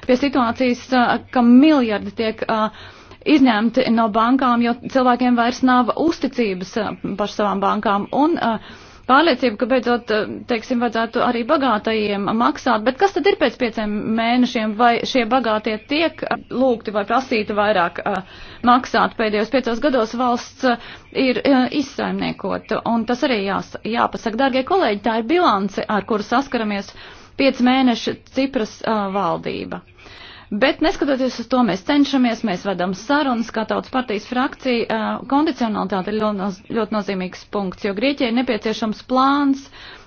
pie situācijas, ka miljardi tiek. Uh, izņemti no bankām, jo cilvēkiem vairs nav uzticības eh, par savām bankām. Un, eh, Pārliecība, ka beidzot, eh, teiksim, vajadzētu arī bagātajiem maksāt, bet kas tad ir pēc pieciem mēnešiem, vai šie bagātie tiek lūgti vai prasīti vairāk maksāt? Pēdējos piecos gados valsts ir izsaimniekota, un tas arī jās, jāpasaka, dārgie kolēģi, tā ir bilance, ar kuru saskaramies piec mēnešu Cipras valdība. Bet neskatoties uz to, mēs cenšamies, mēs vedam sarunas, kā tautas partijas frakcija. Kondicionalitāte ir ļoti, noz, ļoti nozīmīgs punkts, jo Grieķijai nepieciešams plāns,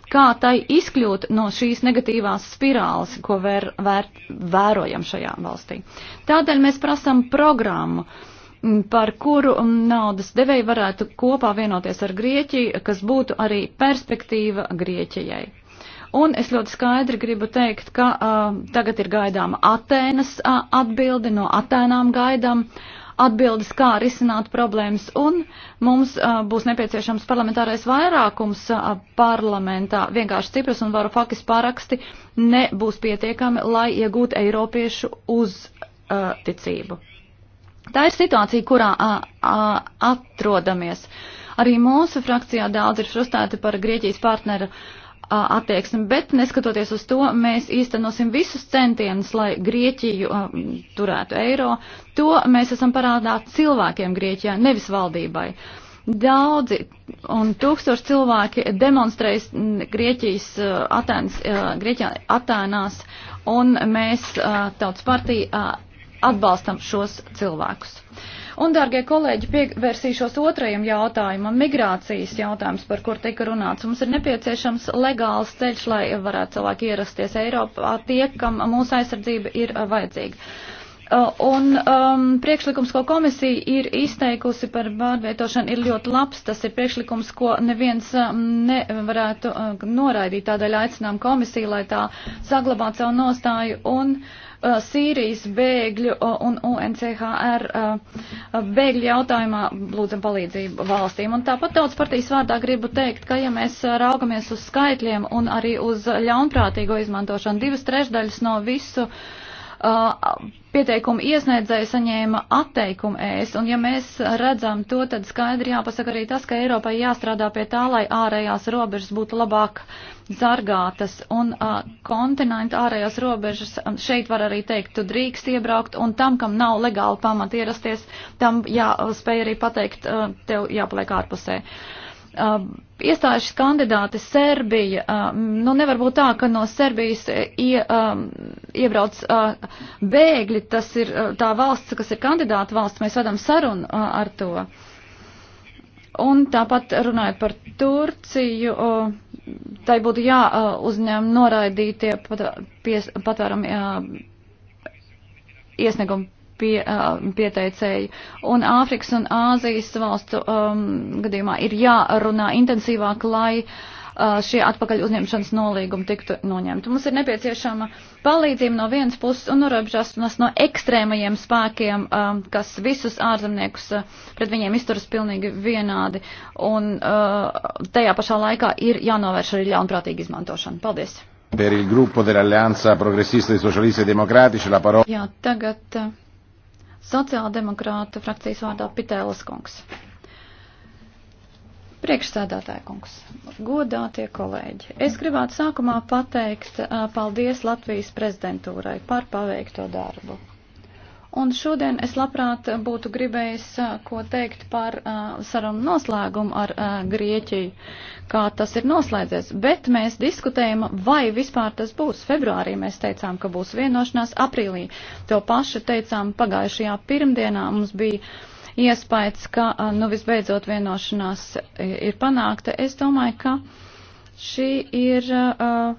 kā tai izkļūt no šīs negatīvās spirāles, ko vēr, vēr, vērojam šajā valstī. Tādēļ mēs prasam programmu par kuru naudas devēji varētu kopā vienoties ar Grieķiju, kas būtu arī perspektīva Grieķijai. Un es ļoti skaidri gribu teikt, ka uh, tagad ir gaidāma Atēnas uh, atbildi, no Atēnām gaidām atbildes, kā risināt problēmas, un mums uh, būs nepieciešams parlamentārais vairākums uh, parlamentā. Vienkārši Cipras un Varofakis paraksti nebūs pietiekami, lai iegūtu eiropiešu uzticību. Uh, Tā ir situācija, kurā a, a, atrodamies. Arī mūsu frakcijā daudz ir frustrēti par Grieķijas partneru attieksmi, bet neskatoties uz to, mēs īstenosim visus centienus, lai Grieķiju a, turētu eiro. To mēs esam parādā cilvēkiem Grieķijā, nevis valdībai. Daudzi un tūkstoši cilvēki demonstrējas Grieķijas Atēnas, Grieķijā Atēnās, un mēs tautas partija atbalstam šos cilvēkus. Un, dārgie kolēģi, pievērsīšos otrajam jautājumam - migrācijas jautājums, par kur tika runāts. Mums ir nepieciešams legāls ceļš, lai varētu cilvēki ierasties Eiropā tie, kam mūsu aizsardzība ir vajadzīga. Uh, un um, priekšlikums, ko komisija ir izteikusi par pārvietošanu, ir ļoti labs. Tas ir priekšlikums, ko neviens um, nevarētu uh, noraidīt. Tādēļ aicinām komisiju, lai tā saglabātu savu nostāju. Un, uh, Uh, Sīrijas bēgļu uh, un UNCHR uh, bēgļu jautājumā lūdzam palīdzību valstīm. Un tāpat daudz partijas vārdā gribu teikt, ka ja mēs raugamies uz skaitļiem un arī uz ļaunprātīgo izmantošanu, divas trešdaļas no visu uh, uh, pieteikumu iesniedzēja saņēma atteikumu ēst. Un ja mēs redzam to, tad skaidri jāpasaka arī tas, ka Eiropai jāstrādā pie tā, lai ārējās robežas būtu labāk zargātas. Un uh, kontinenta ārējās robežas um, šeit var arī teikt, tu drīkst iebraukt, un tam, kam nav legāli pamati ierasties, tam jāspēj arī pateikt, uh, tev jāpaliek ārpusē. Uh, Uh, iestājušas kandidāti Serbija, uh, nu nevar būt tā, ka no Serbijas uh, ie, um, iebrauc bēgļi, tas ir tā valsts, kas ir kandidāta valsts, mēs vadam sarunu ar to. Un tāpat runājot par Turciju, tai būtu jāuzņem noraidītie pat, patvērumi iesniegumi pie, uh, pieteicēji. Un Āfrikas un Āzijas valstu um, gadījumā ir jārunā intensīvāk, lai uh, šie atpakaļ uzņemšanas nolīgumi tiktu noņemti. Mums ir nepieciešama palīdzība no vienas puses un norobežošanas no ekstrēmajiem spēkiem, um, kas visus ārzemniekus uh, pret viņiem izturas pilnīgi vienādi. Un uh, tajā pašā laikā ir jānovērš arī ļaunprātīga izmantošana. Paldies! per il gruppo dell'alleanza progressista dei socialisti e democratici la parola. Jā, tagad Sociāldemokrāta frakcijas vārdā Pitēlas kungs. Priekšsēdētāja kungs, godātie kolēģi, es gribētu sākumā pateikt paldies Latvijas prezidentūrai par paveikto darbu. Un šodien es labprāt būtu gribējis ko teikt par sarunu noslēgumu ar Grieķiju, kā tas ir noslēdzies. Bet mēs diskutējam, vai vispār tas būs. Februārī mēs teicām, ka būs vienošanās, aprīlī to pašu teicām pagājušajā pirmdienā mums bija. Iespējams, ka nu, visbeidzot vienošanās ir panākta. Es domāju, ka šī ir uh,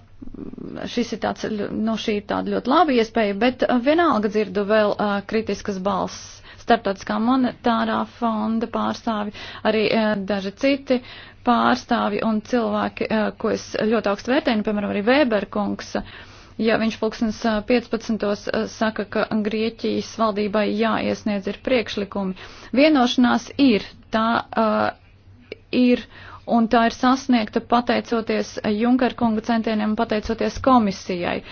šis ir tāds, nu, šī ir tāda ļoti laba iespēja, bet uh, vienalga dzirdu vēl uh, kritiskas balss. Startautiskā monetārā fonda pārstāvi, arī uh, daži citi pārstāvi un cilvēki, uh, ko es ļoti augstu vērtēju, nu, piemēram, arī Vēberkungs. Ja viņš pulkstens 15. Uh, uh, saka, ka Grieķijas valdībai jāiesniedz ir priekšlikumi, vienošanās ir, tā uh, ir. Uh, un tā ir sasniegta pateicoties Junkar kunga centieniem, pateicoties komisijai.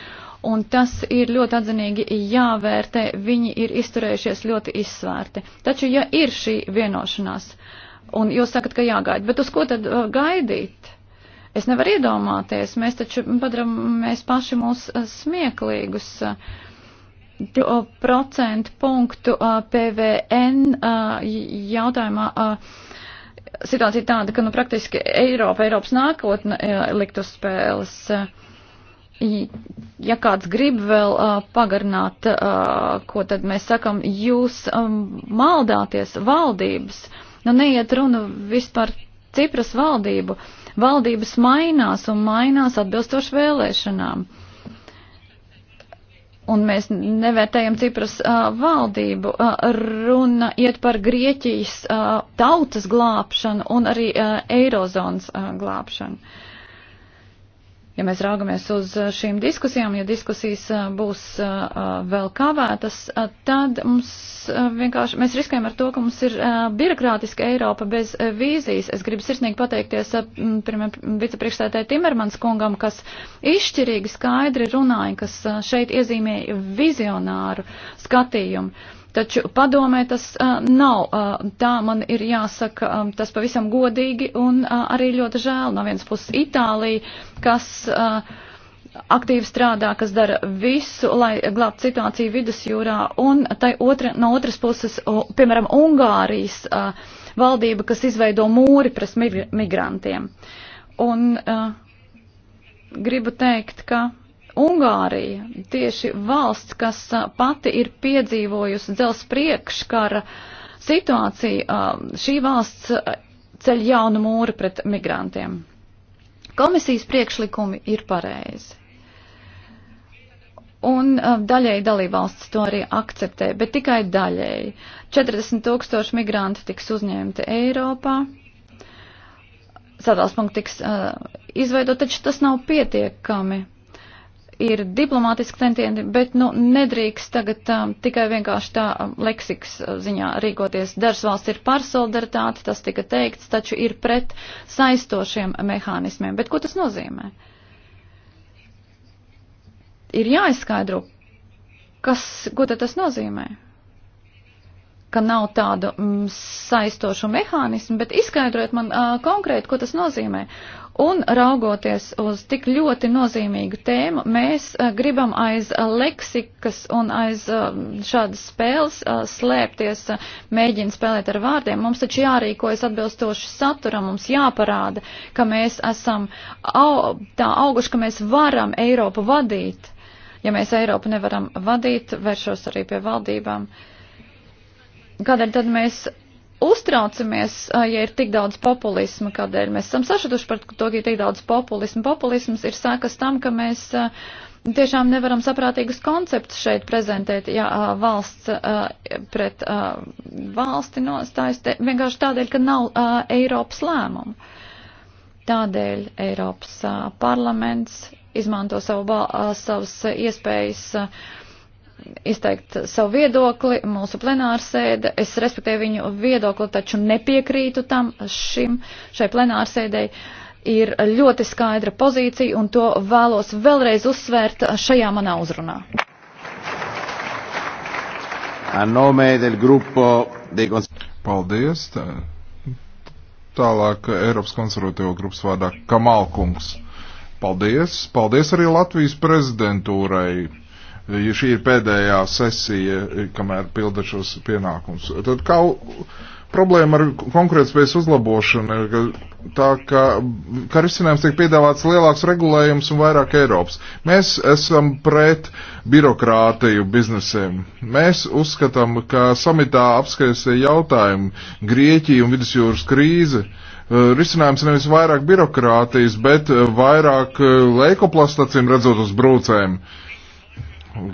Un tas ir ļoti atzinīgi jāvērtē, viņi ir izturējušies ļoti izsvērti. Taču, ja ir šī vienošanās, un jūs sakat, ka jāgaida, bet uz ko tad uh, gaidīt? Es nevaru iedomāties, mēs taču padaram, mēs paši mūs uh, smieklīgus. Uh, procentu punktu uh, PVN uh, jautājumā uh, situācija tāda, ka nu, praktiski Eiropa, Eiropas nākotne e, likt uz spēles. E, ja kāds grib vēl uh, pagarināt, uh, ko tad mēs sakam, jūs um, maldāties valdības, nu neiet runa vispār Cipras valdību. Valdības mainās un mainās atbilstoši vēlēšanām. Uh, un mēs nevērtējam Cipras uh, valdību. Uh, runa iet par Grieķijas uh, tautas glābšanu un arī uh, Eirozonas uh, glābšanu. Uh, ja mēs raugamies uz eh, šīm diskusijām, ja diskusijas eh, būs eh, vēl kavētas, tad mums vienkārši, mēs riskējam ar to, ka mums ir birokrātiska Eiropa bez vīzijas. Es gribu sirsnīgi pateikties pirmajam vicepriekšstādātāju Timermans kungam, kas izšķirīgi skaidri runāja, kas šeit iezīmēja vizionāru skatījumu. Taču padomē tas uh, nav, uh, tā man ir jāsaka, um, tas pavisam godīgi un uh, arī ļoti žēl. No vienas puses Itālija, kas uh, aktīvi strādā, kas dara visu, lai glābtu situāciju vidusjūrā, un tai otra, no otras puses, uh, piemēram, Ungārijas uh, valdība, kas izveido mūri pret migrantiem. Un uh, gribu teikt, ka Ungārija, tieši valsts, kas pati ir piedzīvojusi dzels priekškara situāciju, šī valsts ceļ jaunu mūru pret migrantiem. Komisijas priekšlikumi ir pareizi. Un daļēji dalībvalsts to arī akceptē, bet tikai daļēji. 40 tūkstoši migranti tiks uzņemti Eiropā, sadalspunkti tiks uh, izveidot, taču tas nav pietiekami ir diplomātiski centieni, bet nu, nedrīkst tagad um, tikai vienkārši tā um, leksikas uh, ziņā rīkoties. Dažas valsts ir par solidaritāti, tas tika teikts, taču ir pret saistošiem mehānismiem. Bet ko tas nozīmē? Ir jāizskaidro, kas, ko tad tas nozīmē? ka nav tādu mm, saistošu mehānismu, bet izskaidrojiet man uh, konkrēti, ko tas nozīmē. Un raugoties uz tik ļoti nozīmīgu tēmu, mēs eh, gribam aiz leksikas un aiz eh, šādas spēles eh, slēpties, mēģina spēlēt ar vārdiem. Mums taču jārīkojas atbilstoši saturam, mums jāparāda, ka mēs esam au, tā auguši, ka mēs varam Eiropu vadīt. Ja mēs Eiropu nevaram vadīt, vēršos arī pie valdībām. Kādēļ tad mēs uztraucamies, ja ir tik daudz populisma, kādēļ mēs esam sašutuši par to, ka ir tik daudz populisma. Populisms ir sākas tam, ka mēs tiešām nevaram saprātīgus konceptus šeit prezentēt, ja valsts pret valsti nostājas, vienkārši tādēļ, ka nav Eiropas lēmumu. Tādēļ Eiropas parlaments izmanto savu, savas iespējas izteikt savu viedokli, mūsu plenārsēde. Es respektēju viņu viedokli, taču nepiekrītu tam šim, šai plenārsēdei. Ir ļoti skaidra pozīcija, un to vēlos vēlreiz uzsvērt šajā manā uzrunā. Paldies. Tālāk Eiropas konservatīvo grupas vārdā Kamalkungs. Paldies. Paldies arī Latvijas prezidentūrai jo šī ir pēdējā sesija, kamēr pilda šos pienākums. Tad kā problēma ar konkurētspējas uzlabošanu ir ka tā, ka, ka risinājums tiek piedāvāts lielāks regulējums un vairāk Eiropas. Mēs esam pret birokrātiju biznesiem. Mēs uzskatām, ka samitā apskaisīja jautājumu Grieķija un vidusjūras krīze. Eh, risinājums nevis vairāk birokrātijas, bet eh, vairāk eh, leikoplastacīm redzot uz brūcēm. Uh,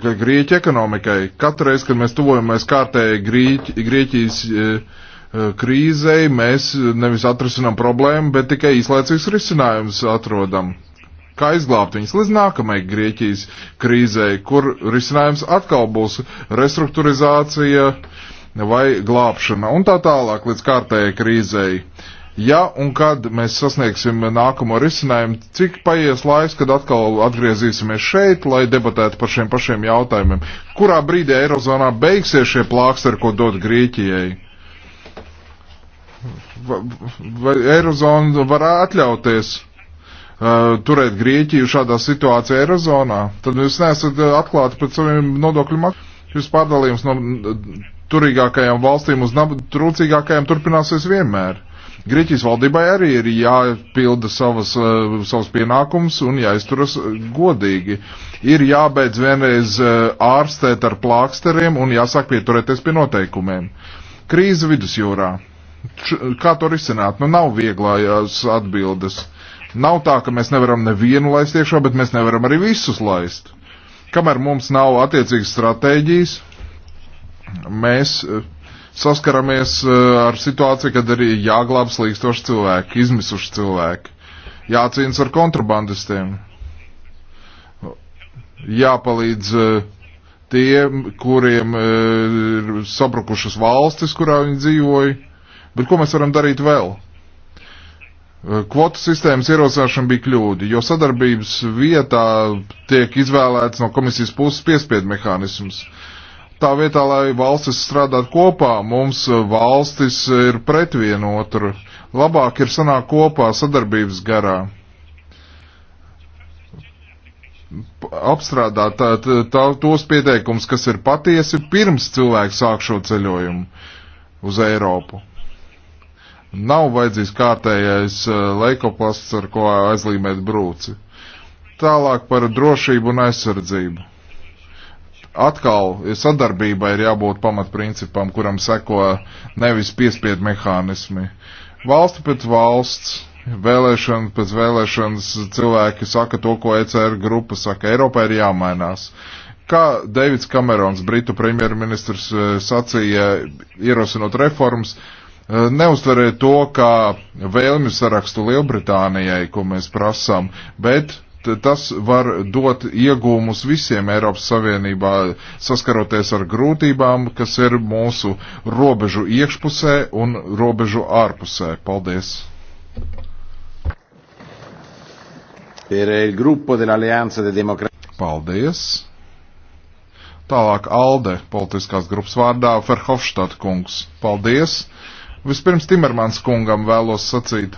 Grieķu ekonomikai. Katreiz, kad mēs tuvojamies kārtēji Grieķ, Grieķijas e, e, krīzei, mēs nevis atrisinām problēmu, bet tikai īslaicīgs risinājums atrodam. Kā izglābt viņus līdz nākamajai Grieķijas krīzei, kur risinājums atkal būs restruktūrizācija vai glābšana un tā tālāk līdz kārtējai krīzei. Uh, Ja un kad mēs sasniegsim nākamo risinājumu, cik paies laiks, kad atkal atgriezīsimies šeit, lai debatētu par šiem pašiem jautājumiem? Kurā brīdī Eirozonā beigsies šie plāksteri, ko dod Grieķijai? Vai, vai Eirozona var atļauties uh, turēt Grieķiju šādā situācijā Eirozonā? Tad jūs neesat uh, atklāti pret saviem nodokļu maksājumiem. Jūs pārdalījums no turīgākajām valstīm uz trūcīgākajām turpināsies vienmēr. Grieķijas valdībai arī ir jāpilda savas, eh, savas pienākums un jāizturas godīgi. Ir jābeidz vienreiz eh, ārstēt ar plāksteriem un jāsāk pieturēties pie noteikumiem. Krīze vidusjūrā. Kā to risināt? Nu, nav vieglājās atbildes. Nav tā, ka mēs nevaram nevienu laist iekšā, bet mēs nevaram arī visus laist. Kamēr mums nav attiecīgas stratēģijas, mēs uh, saskaramies eh, ar situāciju, kad arī jāglāb slīkstoši cilvēki, izmisuši cilvēki, jācīnas ar kontrabandistiem, jāpalīdz eh, tiem, kuriem eh, ir sabrukušas valstis, kurā viņi dzīvoja, bet ko mēs varam darīt vēl? Kvotu sistēmas ierosināšana bija kļūda, jo sadarbības vietā tiek izvēlēts no komisijas puses piespiedu mehānisms. Uh, Tā vietā, lai valstis strādātu kopā, mums eh, valstis eh, ir pretvienu otru. Labāk ir sanākt kopā sadarbības garā. Apstrādāt tā, tā, tos pieteikums, kas ir patiesi pirms cilvēks sāk šo ceļojumu uz Eiropu. Nav vajadzīgs kārtējais eh, leikoplasts, ar ko aizlīmēt brūci. Tālāk par drošību un aizsardzību atkal sadarbībai ir jābūt pamatprincipam, kuram seko nevis piespiedu mehānismi. Valsti pēc valsts, vēlēšana pēc vēlēšanas cilvēki saka to, ko ECR grupa saka. Eiropā ir jāmainās. Kā Deivids Kamerons, Britu premjerministrs, e, sacīja, ierosinot reformas, e, neuztverēja to kā vēlmju sarakstu Lielbritānijai, ko mēs prasām, bet tas var dot iegūmus visiem Eiropas Savienībā, saskaroties ar grūtībām, kas ir mūsu robežu iekšpusē un robežu ārpusē. Paldies! Paldies! Tālāk Alde, politiskās grupas vārdā, Ferhofštāt kungs. Paldies! Vispirms Timermans kungam vēlos sacīt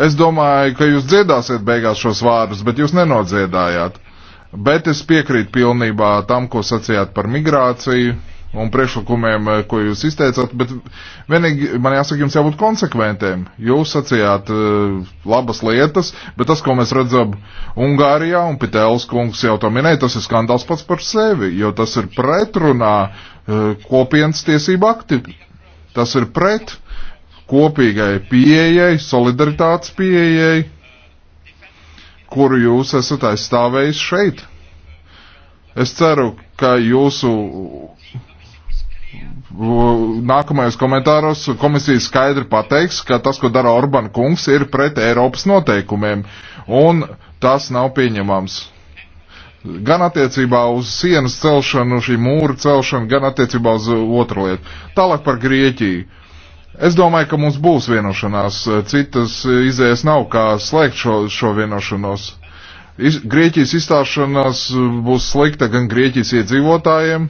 Es domāju, ka jūs dziedāsiet beigās šos vārdus, bet jūs nenodziedājāt. Bet es piekrītu pilnībā tam, ko sacījāt par migrāciju un priekšlikumiem, eh, ko jūs izteicāt, bet vienīgi man jāsaka, jums jābūt konsekventiem. Jūs sacījāt uh, labas lietas, bet tas, ko mēs redzam Ungārijā, un Pitēls kungs jau to minēja, tas ir skandāls pats par sevi, jo tas ir pretrunā uh, kopienas tiesību akti. Tas ir pret kopīgai pieejai, solidaritātes pieejai, kuru jūs esat aizstāvējis šeit. Es ceru, ka jūsu nākamajos komentāros komisija skaidri pateiks, ka tas, ko dara Orbán kungs, ir pret Eiropas noteikumiem, un tas nav pieņemams. Gan attiecībā uz sienas celšanu, šī mūra celšanu, gan attiecībā uz otru lietu. Tālāk par Grieķiju Es domāju, ka mums būs vienošanās. Citas izējas nav, kā slēgt šo, šo vienošanos. Iz, Grieķijas izstāšanās būs slikta gan Grieķijas iedzīvotājiem,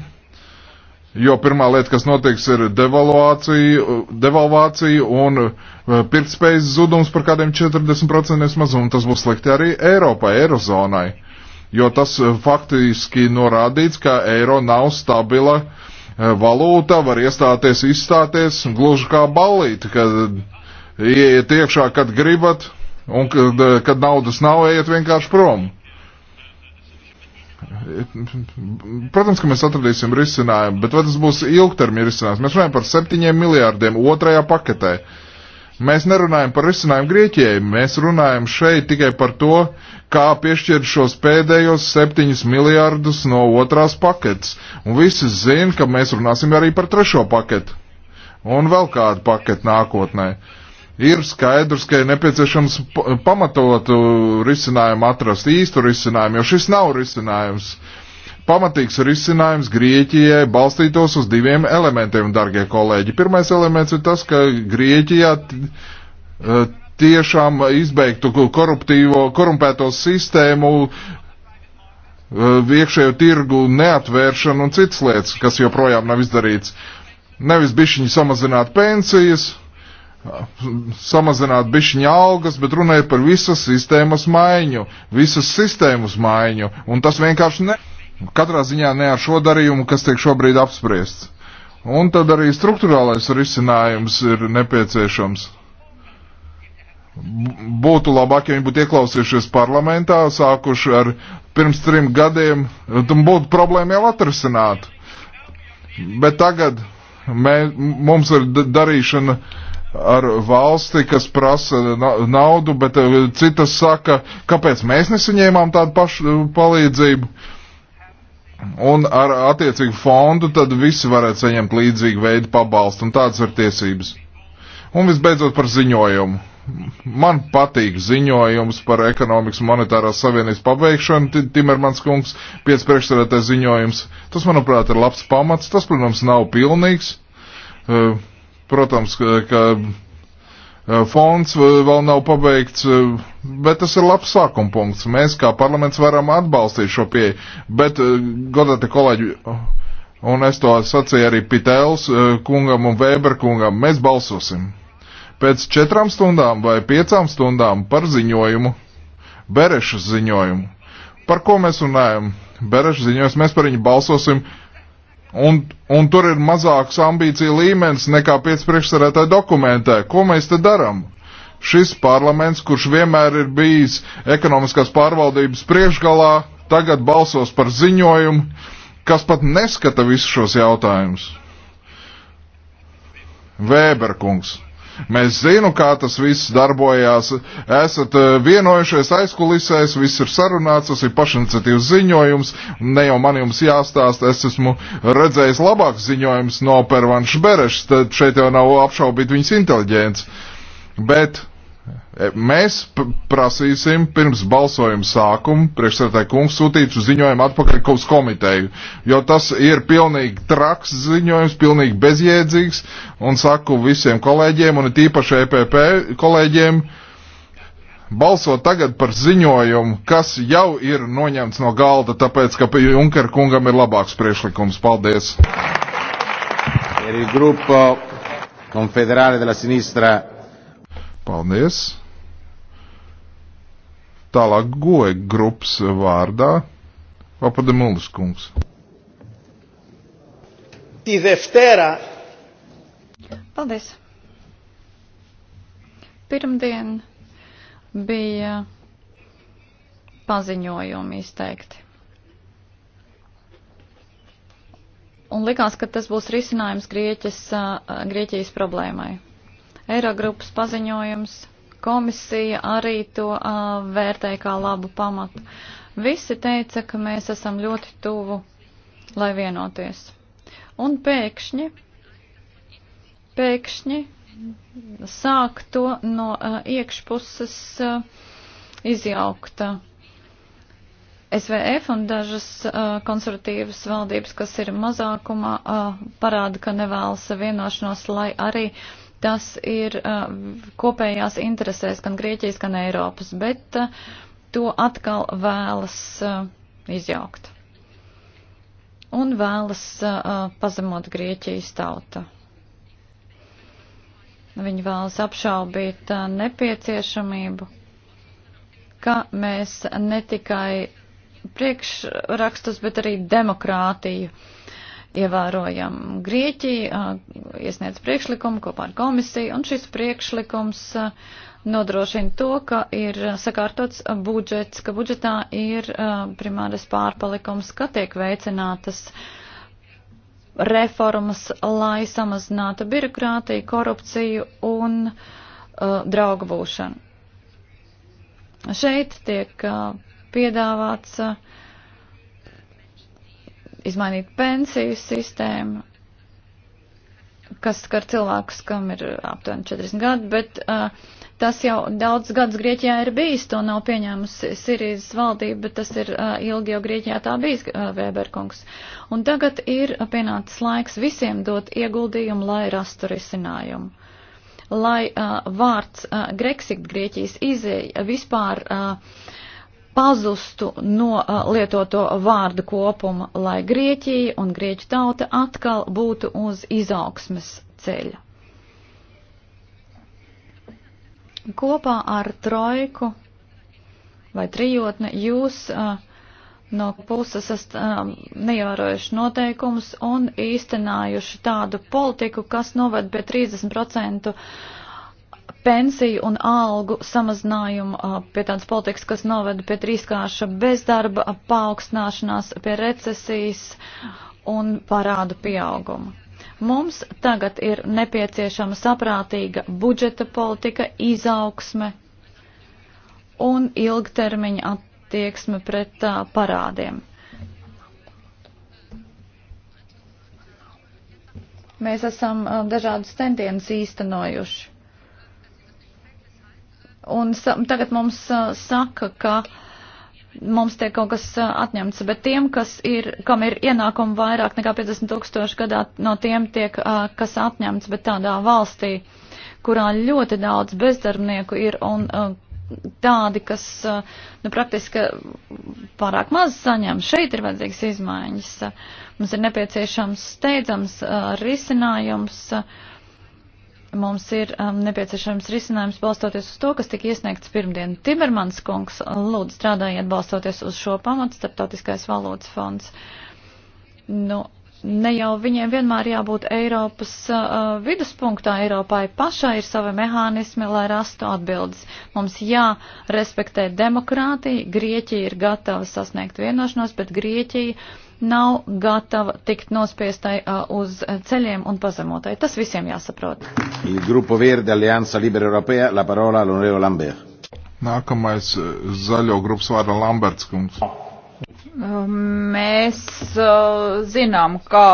jo pirmā lieta, kas notiks, ir devalvācija un e, pirktspējas zudums par kādiem 40% mazumu. Tas būs slikti arī Eiropai, Eirozonai, jo tas e, faktiski norādīts, ka eiro nav stabila uh, Eh, valūta, var iestāties, izstāties, gluži kā ballīti, kad ieiet iekšā, kad gribat, un kad, eh, kad naudas nav, ejiet vienkārši prom. Protams, ka mēs atradīsim risinājumu, bet vai tas būs ilgtermiņa risinājums? Mēs runājam par septiņiem miljārdiem otrajā paketē. Uh, Mēs nerunājam par risinājumu Grieķijai, mēs runājam šeit tikai par to, kā piešķirt šos pēdējos septiņus miljārdus no otrās paketes. Un visi zina, ka mēs runāsim arī par trešo paketu. Un vēl kādu paketu nākotnē. Ir skaidrs, ka ir nepieciešams pamatotu risinājumu atrast, īstu risinājumu, jo šis nav risinājums. Uh, pamatīgs risinājums Grieķijai balstītos uz diviem elementiem, darbie kolēģi. Pirmais elements ir tas, ka Grieķijā e, tiešām izbeigtu koruptīvo, korumpēto sistēmu, e, iekšējo tirgu neatvēršanu un citas lietas, kas joprojām nav izdarīts. Nevis bišķiņi samazināt pensijas, samazināt bišķiņa algas, bet runāja par visas sistēmas maiņu, visas sistēmas maiņu, un tas vienkārši ne. Katrā ziņā ne ar šo darījumu, kas tiek šobrīd apspriests. Un tad arī struktūrālais risinājums ir nepieciešams. Būtu labāk, ja viņi būtu ieklausījušies parlamentā, sākuši ar pirms trim gadiem, tam būtu problēma jau atrisināt. Bet tagad mē, mums ir darīšana ar valsti, kas prasa naudu, bet eh, citas saka, kāpēc mēs nesaņēmām tādu pašu palīdzību. Un ar attiecīgu fondu tad visi varētu saņemt līdzīgu veidu pabalstu, un tādas ir tiesības. Un visbeidzot par ziņojumu. Man patīk ziņojums par ekonomikas un monetārās savienības pabeigšanu, Timermans kungs, piec priekšsarētais ziņojums. Tas, manuprāt, ir labs pamats. Tas, protams, nav pilnīgs. Eh, protams, ka Eh, fonds eh, vēl nav pabeigts, eh, bet tas ir labs sākuma punkts. Mēs kā parlaments varam atbalstīt šo pieeju, bet godāti kolēģi, un es to sacīju arī Pitēls kungam un Vēber kungam, mēs balsosim. Pēc četrām stundām vai piecām stundām par ziņojumu, Berešas ziņojumu. Par ko mēs runājam? Berešas ziņojums, mēs par viņu balsosim Un, un tur ir mazāks ambīcija līmenis nekā piecpriekšsarētāja dokumentē. Ko mēs te darām? Šis parlaments, kurš vienmēr ir bijis ekonomiskās pārvaldības priekšgalā, tagad balsos par ziņojumu, kas pat neskata visus šos jautājumus. Vēberkungs. Mēs zinu, kā tas viss darbojās. Esat eh, vienojušies aizkulisēs, viss ir sarunāts, tas ir pašiniciatīvas ziņojums. Ne jau man jums jāstāsta, es esmu redzējis labāks ziņojums no Pervanša Berešas, tad šeit jau nav apšaubīt viņas inteliģents. Bet E, mēs prasīsim pirms balsojuma sākuma priekšsēdētāju kungs sūtīt ziņojumu atpakaļ uz komiteju, jo tas ir pilnīgi traks ziņojums, pilnīgi bezjēdzīgs, un saku visiem kolēģiem, un tīpaši EPP kolēģiem, balsot tagad par ziņojumu, kas jau ir noņemts no galda, tāpēc, ka Junker kungam ir labāks priekšlikums. Paldies! Ir grupa konfederāli de la sinistra Paldies! Tālāk goja grupas vārdā Papademulis kungs. Tīdeftērā. Paldies! Pirmdien bija paziņojumi izteikti. Un likās, ka tas būs risinājums Grieķis, Grieķijas problēmai. Eirogrupas paziņojums, komisija arī to uh, vērtēja kā labu pamatu. Visi teica, ka mēs esam ļoti tuvu, lai vienoties. Un pēkšņi, pēkšņi sāk to no uh, iekšpuses uh, izjaukt. SVF un dažas uh, konservatīvas valdības, kas ir mazākumā, uh, parāda, ka nevēlas vienošanos, lai arī uh, Tas ir uh, kopējās interesēs gan Grieķijas, gan Eiropas, bet uh, to atkal vēlas uh, izjaukt. Un vēlas uh, pazemot Grieķijas tauta. Viņi vēlas apšaubīt uh, nepieciešamību, ka mēs ne tikai priekšrakstus, bet arī demokrātiju uh, ievērojam Grieķiju, iesniedz priekšlikumu kopā ar komisiju, un šis priekšlikums nodrošina to, ka ir sakārtots budžets, ka budžetā ir primāras pārpalikums, ka tiek veicinātas reformas, lai samazinātu birokrātiju, korupciju un uh, draugu būšanu. Šeit tiek uh, piedāvāts uh, izmainīt pensiju sistēmu, kas skar cilvēkus, kam ir aptuveni 40 gadi, bet uh, tas jau daudz gadus Grieķijā ir bijis, to nav pieņēmusi Sirijas valdība, bet tas ir uh, ilgi jau Grieķijā tā bijis, uh, Vēberkungs. Un tagad ir pienācis laiks visiem dot ieguldījumu, lai rastu risinājumu. Lai uh, vārds uh, Grexit Grieķijas izēja vispār. Uh, pazustu no lietoto vārdu kopuma, lai Grieķija un Grieķu tauta atkal būtu uz izaugsmes ceļa. Kopā ar trojku vai trijotni jūs uh, no puses esat um, neievērojuši noteikumus un īstenājuši tādu politiku, kas noved pie 30% pensiju un algu samazinājumu, pie tādas politikas, kas noveda pie trīskārša bezdarba, paaugstināšanās, pie recesijas un parādu pieauguma. Mums tagad ir nepieciešama saprātīga budžeta politika, izaugsme un ilgtermiņa attieksme pret uh, parādiem. Mēs esam uh, dažādus centienus īstenojuši Un tagad mums saka, ka mums tiek kaut kas atņemts, bet tiem, kas ir, kam ir ienākumi vairāk nekā 50 tūkstoši gadā, no tiem tiek kas atņemts, bet tādā valstī, kurā ļoti daudz bezdarbnieku ir un tādi, kas nu, praktiski pārāk maz saņem. Šeit ir vajadzīgas izmaiņas. Mums ir nepieciešams steidzams risinājums. Uh, mums ir um, nepieciešams risinājums balstoties uz to, kas tika iesniegts pirmdien. Timermans kungs lūdzu strādājiet balstoties uz šo pamatu starptautiskais valodas fonds. Nu, ne jau viņiem vienmēr jābūt Eiropas uh, viduspunktā, Eiropai pašai ir savi mehānismi, lai rastu atbildes. Mums jārespektē demokrātija, Grieķija ir gatava sasniegt vienošanos, bet Grieķija nav gatava tikt nospiestai uz ceļiem un pazemotai. Tas visiem jāsaprot. Europea, Nākamais zaļo grupas vārda Lamberts kungs. Mēs zinām, kā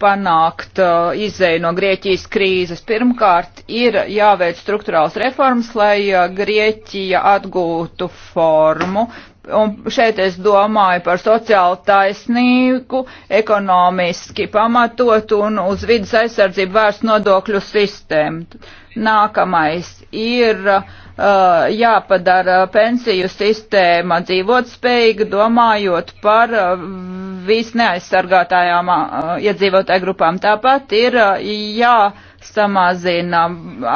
panākt izēju no Grieķijas krīzes. Pirmkārt, ir jāveic struktūrāls reformas, lai Grieķija atgūtu formu. Un šeit es domāju par sociāli taisnīgu, ekonomiski pamatotu un uz vidas aizsardzību vērstu nodokļu sistēmu. Nākamais ir uh, jāpadara pensiju sistēma dzīvotspējīga, domājot par uh, visneaizsargātājām uh, iedzīvotāju grupām. Tāpat ir uh, jā samazina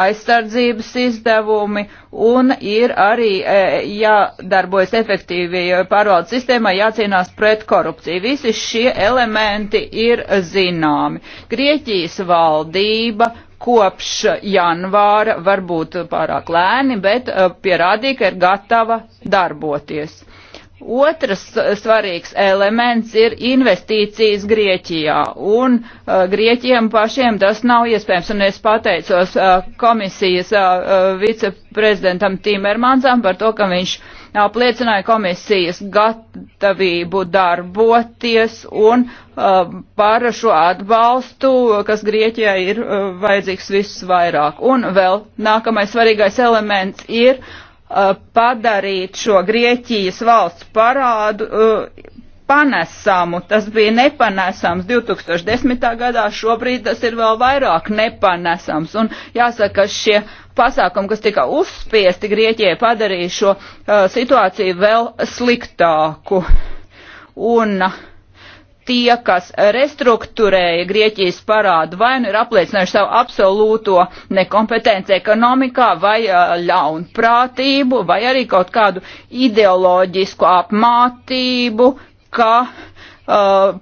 aizsardzības izdevumi un ir arī e, jādarbojas efektīvi pārvaldes sistēmai, jācīnās pret korupciju. Visi šie elementi ir zināmi. Grieķijas valdība kopš janvāra varbūt pārāk lēni, bet e, pierādīja, ka ir gatava darboties. Otrs svarīgs elements ir investīcijas Grieķijā, un uh, Grieķiem pašiem tas nav iespējams, un es pateicos uh, komisijas uh, uh viceprezidentam Timermansam par to, ka viņš uh, apliecināja komisijas gatavību darboties un uh, par šo atbalstu, kas Grieķijai ir uh, vajadzīgs viss vairāk. Un vēl nākamais svarīgais elements ir uh, Uh, padarīt šo Grieķijas valsts parādu uh, panesamu. Tas bija nepanesams 2010. gadā, šobrīd tas ir vēl vairāk nepanesams. Un jāsaka, šie pasākumi, kas tika uzspiesti Grieķijai, padarīja šo uh, situāciju vēl sliktāku. Un uh, tie, kas restruktūrēja Grieķijas parādu, vai nu ir apliecinājuši savu absolūto nekompetenci ekonomikā, vai ļaunprātību, vai arī kaut kādu ideoloģisku apmātību, ka uh,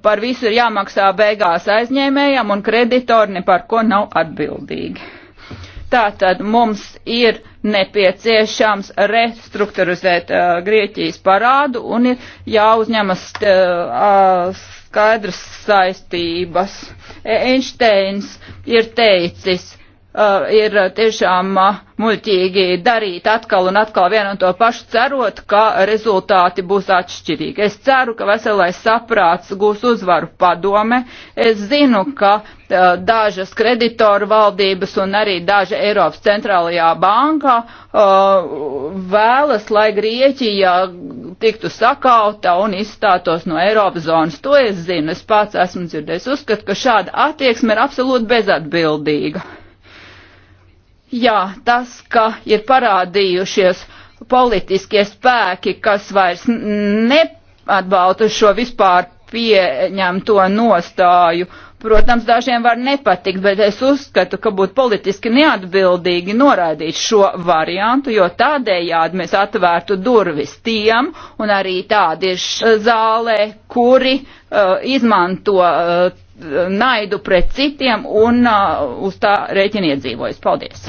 par visu ir jāmaksā beigās aizņēmējam un kreditori ne par ko nav atbildīgi. Tātad mums ir nepieciešams restruktūrizēt uh, Grieķijas parādu un ir jāuzņemas uh, skaidras saistības. E, Einsteins ir teicis, uh, ir tiešām uh, muļķīgi darīt atkal un atkal vienu un to pašu, cerot, ka rezultāti būs atšķirīgi. Es ceru, ka veselais saprāts gūs uzvaru padome. Es zinu, ka uh, dažas kreditoru valdības un arī daži Eiropas centrālajā bankā uh, vēlas, lai Grieķija tiktu sakauta un izstātos no Eiropas zonas. To es zinu, es pats esmu dzirdējis. Uzskatu, ka šāda attieksme ir absolūti bezatbildīga. Jā, tas, ka ir parādījušies politiskie spēki, kas vairs neatbalsta šo vispār pieņemto nostāju. Protams, dažiem var nepatikt, bet es uzskatu, ka būtu politiski neatbildīgi noraidīt šo variantu, jo tādējādi mēs atvērtu durvis tiem, un arī tādi ir zālē, kuri uh, izmanto uh, naidu pret citiem un uh, uz tā rēķina iedzīvojas. Paldies!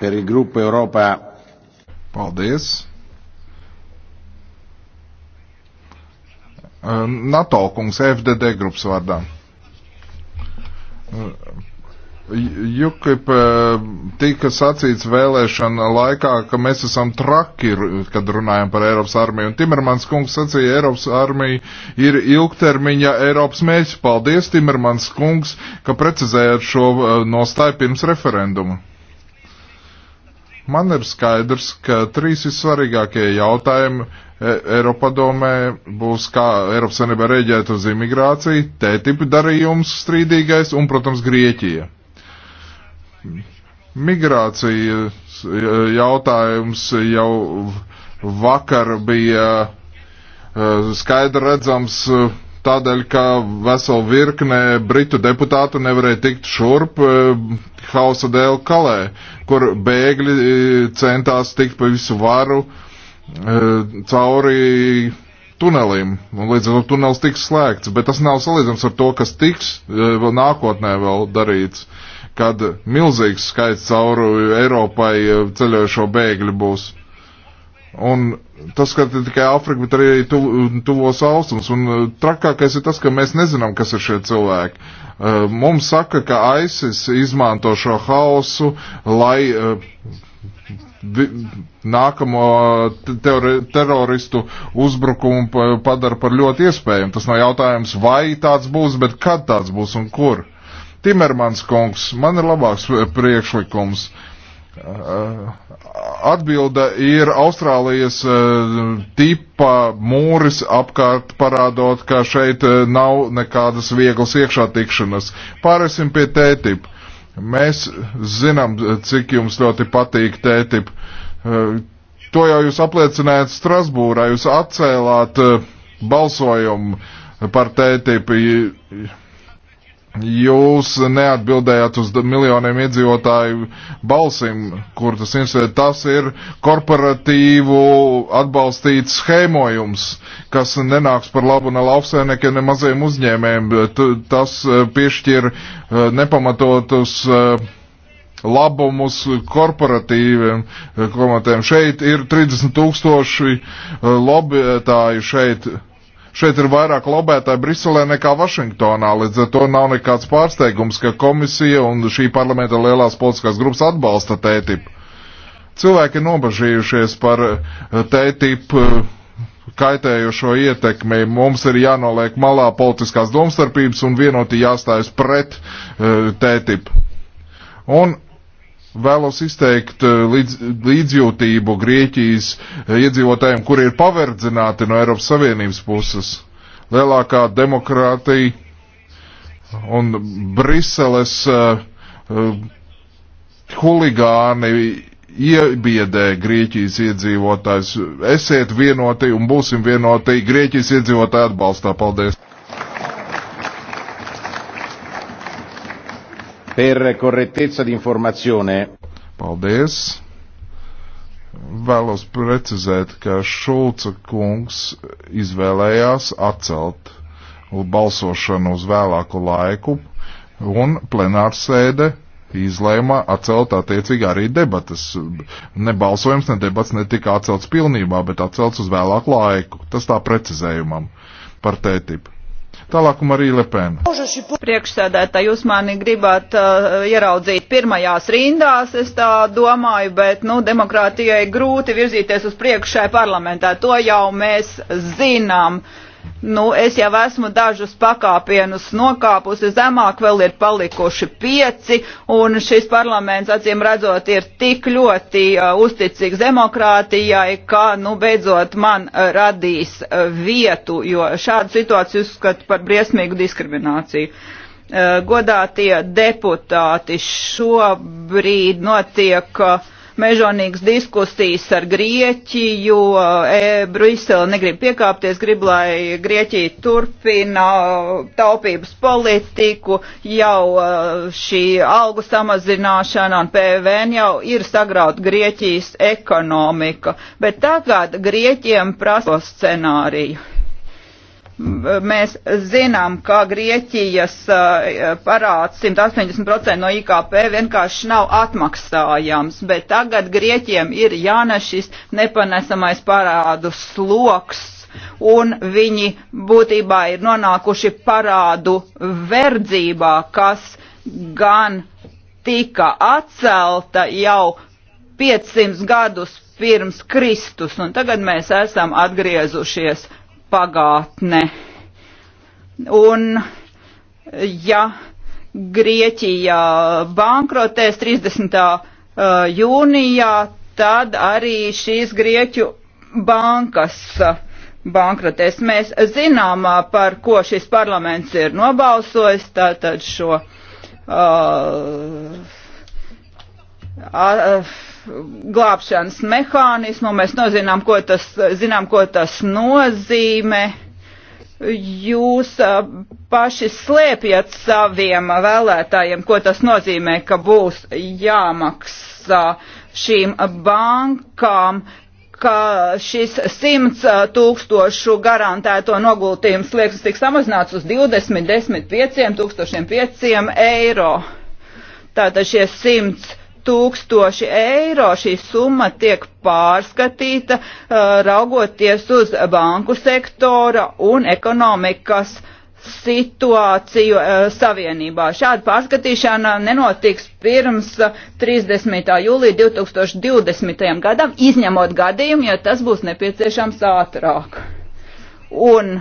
Per il gruppo Europa. Paldies! Uh, NATO kungs FDD grupas vārdā. Uh, Jukip tika sacīts vēlēšana laikā, ka mēs esam traki, kad runājam par Eiropas armiju. Un Timermans kungs sacīja, Eiropas armija ir ilgtermiņa Eiropas mērķis. Paldies, Timermans kungs, ka precizējat šo eh, nostāju pirms referendumu. Man ir skaidrs, ka trīs vissvarīgākie jautājumi e, Eiropadomē būs, kā Eiropas Savienība rēģēt uz imigrāciju, tētipu darījums strīdīgais un, protams, Grieķija. Migrācijas jautājums jau vakar bija eh, skaidri redzams eh, tādēļ, ka vesela virkne britu deputātu nevarēja tikt šurp eh, hausa dēļ Kalē, kur bēgļi centās tikt pa visu varu cauri tunelim, un līdz ar to tunels tiks slēgts, bet tas nav salīdzams ar to, kas tiks nākotnē vēl darīts. Uh, kad milzīgs skaits cauru Eiropai eh, ceļojošo bēgļu būs. Un tas, ka tikai Afrika, bet arī tu, tuvos austums. Un eh, trakākais ir tas, ka mēs nezinām, kas ir šie cilvēki. Eh, mums saka, ka ISIS izmanto šo hausu, lai nākamo teori, teroristu uzbrukumu padara par ļoti iespējamu. Tas nav jautājums, vai tāds būs, bet kad tāds būs un kur. Timermans kungs, man ir labāks priekšlikums. Atbilde ir Austrālijas e, tipa mūris apkārt parādot, ka šeit e, nav nekādas vieglas iekšā tikšanas. Pārēsim pie tētip. Mēs zinām, e, cik jums ļoti patīk tētip. To jau jūs apliecinājāt Strasbūrā, jūs atcēlāt balsojumu par tētipu. Jūs neatbildējāt uz miljoniem iedzīvotāju balsim, kur tas interesē. Tas ir korporatīvu atbalstīts schēmojums, kas nenāks par labu ne lauksaimniekiem, ne maziem uzņēmējiem. Tas e, piešķir e, nepamatotus e, labumus korporatīviem komatiem. Šeit ir 30 tūkstoši lobietāju šeit Šeit ir vairāk lobētāji Briselē nekā Vašingtonā, līdz ar to nav nekāds pārsteigums, ka komisija un šī parlamenta lielās politiskās grupas atbalsta TTIP. Cilvēki ir nobažījušies par eh, TTIP eh, kaitējošo ietekmi. Mums ir jānoliek malā politiskās domstarpības un vienoti jāstājas pret uh, TTIP. Un Vēlos izteikt eh, līdz, līdzjūtību Grieķijas eh, iedzīvotājiem, kuri ir paverdzināti no Eiropas Savienības puses. Lielākā demokrātija un Briseles uh, uh, huligāni iebiedē Grieķijas iedzīvotājs. Esiet vienoti un būsim vienoti Grieķijas iedzīvotāju atbalstā. Paldies! per correttezza di informazione. Paldies. Vēlos precizēt, ka Šulca kungs izvēlējās atcelt balsošanu uz vēlāku laiku, un plenārsēde izlēma atcelt attiecīgi arī debatas. Ne balsojums, ne debats netika atcelts pilnībā, bet atcelts uz vēlāku laiku. Tas tā precizējumam par tētipu. Tālāk Marija Lepēna. Priekšsēdētāji, jūs mani gribat uh, ieraudzīt pirmajās rindās, es tā domāju, bet, nu, demokrātijai grūti virzīties uz priekšu šai parlamentā. To jau mēs zinām. Uh, Nu, es jau esmu dažus pakāpienus nokāpusi, zemāk vēl ir palikuši pieci, un šis parlaments, acīm redzot, ir tik ļoti uh, uzticīgs demokrātijai, ka, nu, beidzot man uh, radīs uh, vietu, jo šādu situāciju uzskatu par briesmīgu diskrimināciju. Uh, godātie deputāti, šobrīd notiek. Uh, mežonīgas diskusijas ar Grieķiju. E, Brisele negrib piekāpties, grib, lai Grieķija turpina taupības politiku, jau e, šī algu samazināšana un PVN jau ir sagraut Grieķijas ekonomika. Bet tagad Grieķiem praso scenāriju. Mēs zinām, ka Grieķijas eh, parāds 180% no IKP vienkārši nav atmaksājams, bet tagad Grieķiem ir jānes šis nepanesamais parādu sloks, un viņi būtībā ir nonākuši parādu verdzībā, kas gan tika atcelta jau 500 gadus pirms Kristus, un tagad mēs esam atgriezušies pagātne. Un ja Grieķija bankrotēs 30. jūnijā, tad arī šīs Grieķu bankas bankrotēs. Mēs zinām, par ko šis parlaments ir nobalsojis, tātad šo uh, uh, glābšanas mehānismu, mēs nozinām, ko tas, zinām, ko tas nozīmē. Jūs paši slēpjat saviem vēlētājiem, ko tas nozīmē, ka būs jāmaksā šīm bankām, ka šis 100 tūkstošu garantēto noguldījumu slieksnis tiks samazināts uz 20, 10, 5 tūkstošiem 5 eiro. Tātad šie 100 tūkstoši eiro. Šī summa tiek pārskatīta uh, raugoties uz banku sektora un ekonomikas situāciju uh, savienībā. Šāda pārskatīšana nenotiks pirms 30. Uh, jūlija 2020. gadam, izņemot gadījumu, ja tas būs nepieciešams ātrāk. Un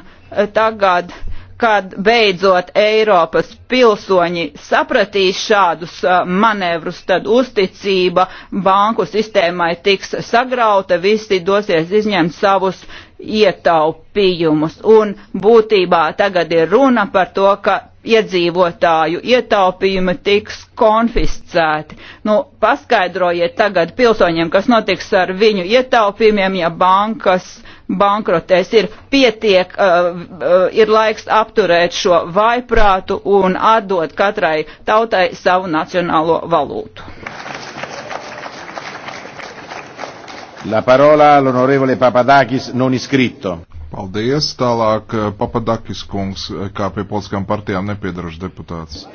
tagad uh, kad beidzot Eiropas pilsoņi sapratīs šādus uh, manevrus, tad uzticība banku sistēmai tiks sagrauta, visi dosies izņemt savus ietaupījumus. Un būtībā tagad ir runa par to, ka iedzīvotāju ietaupījumi tiks konfiscēti. Nu, paskaidrojiet tagad pilsoņiem, kas notiks ar viņu ietaupījumiem, ja bankas uh, bankrotēs. Ir pietiek, uh, uh, ir laiks apturēt šo vaiprātu un atdot katrai tautai savu nacionālo valūtu. La parola all'onorevole Papadakis non iscritto. Paldies, tālāk eh, Papadakis kungs, eh, kā pie politiskām partijām nepiedarošs deputāts.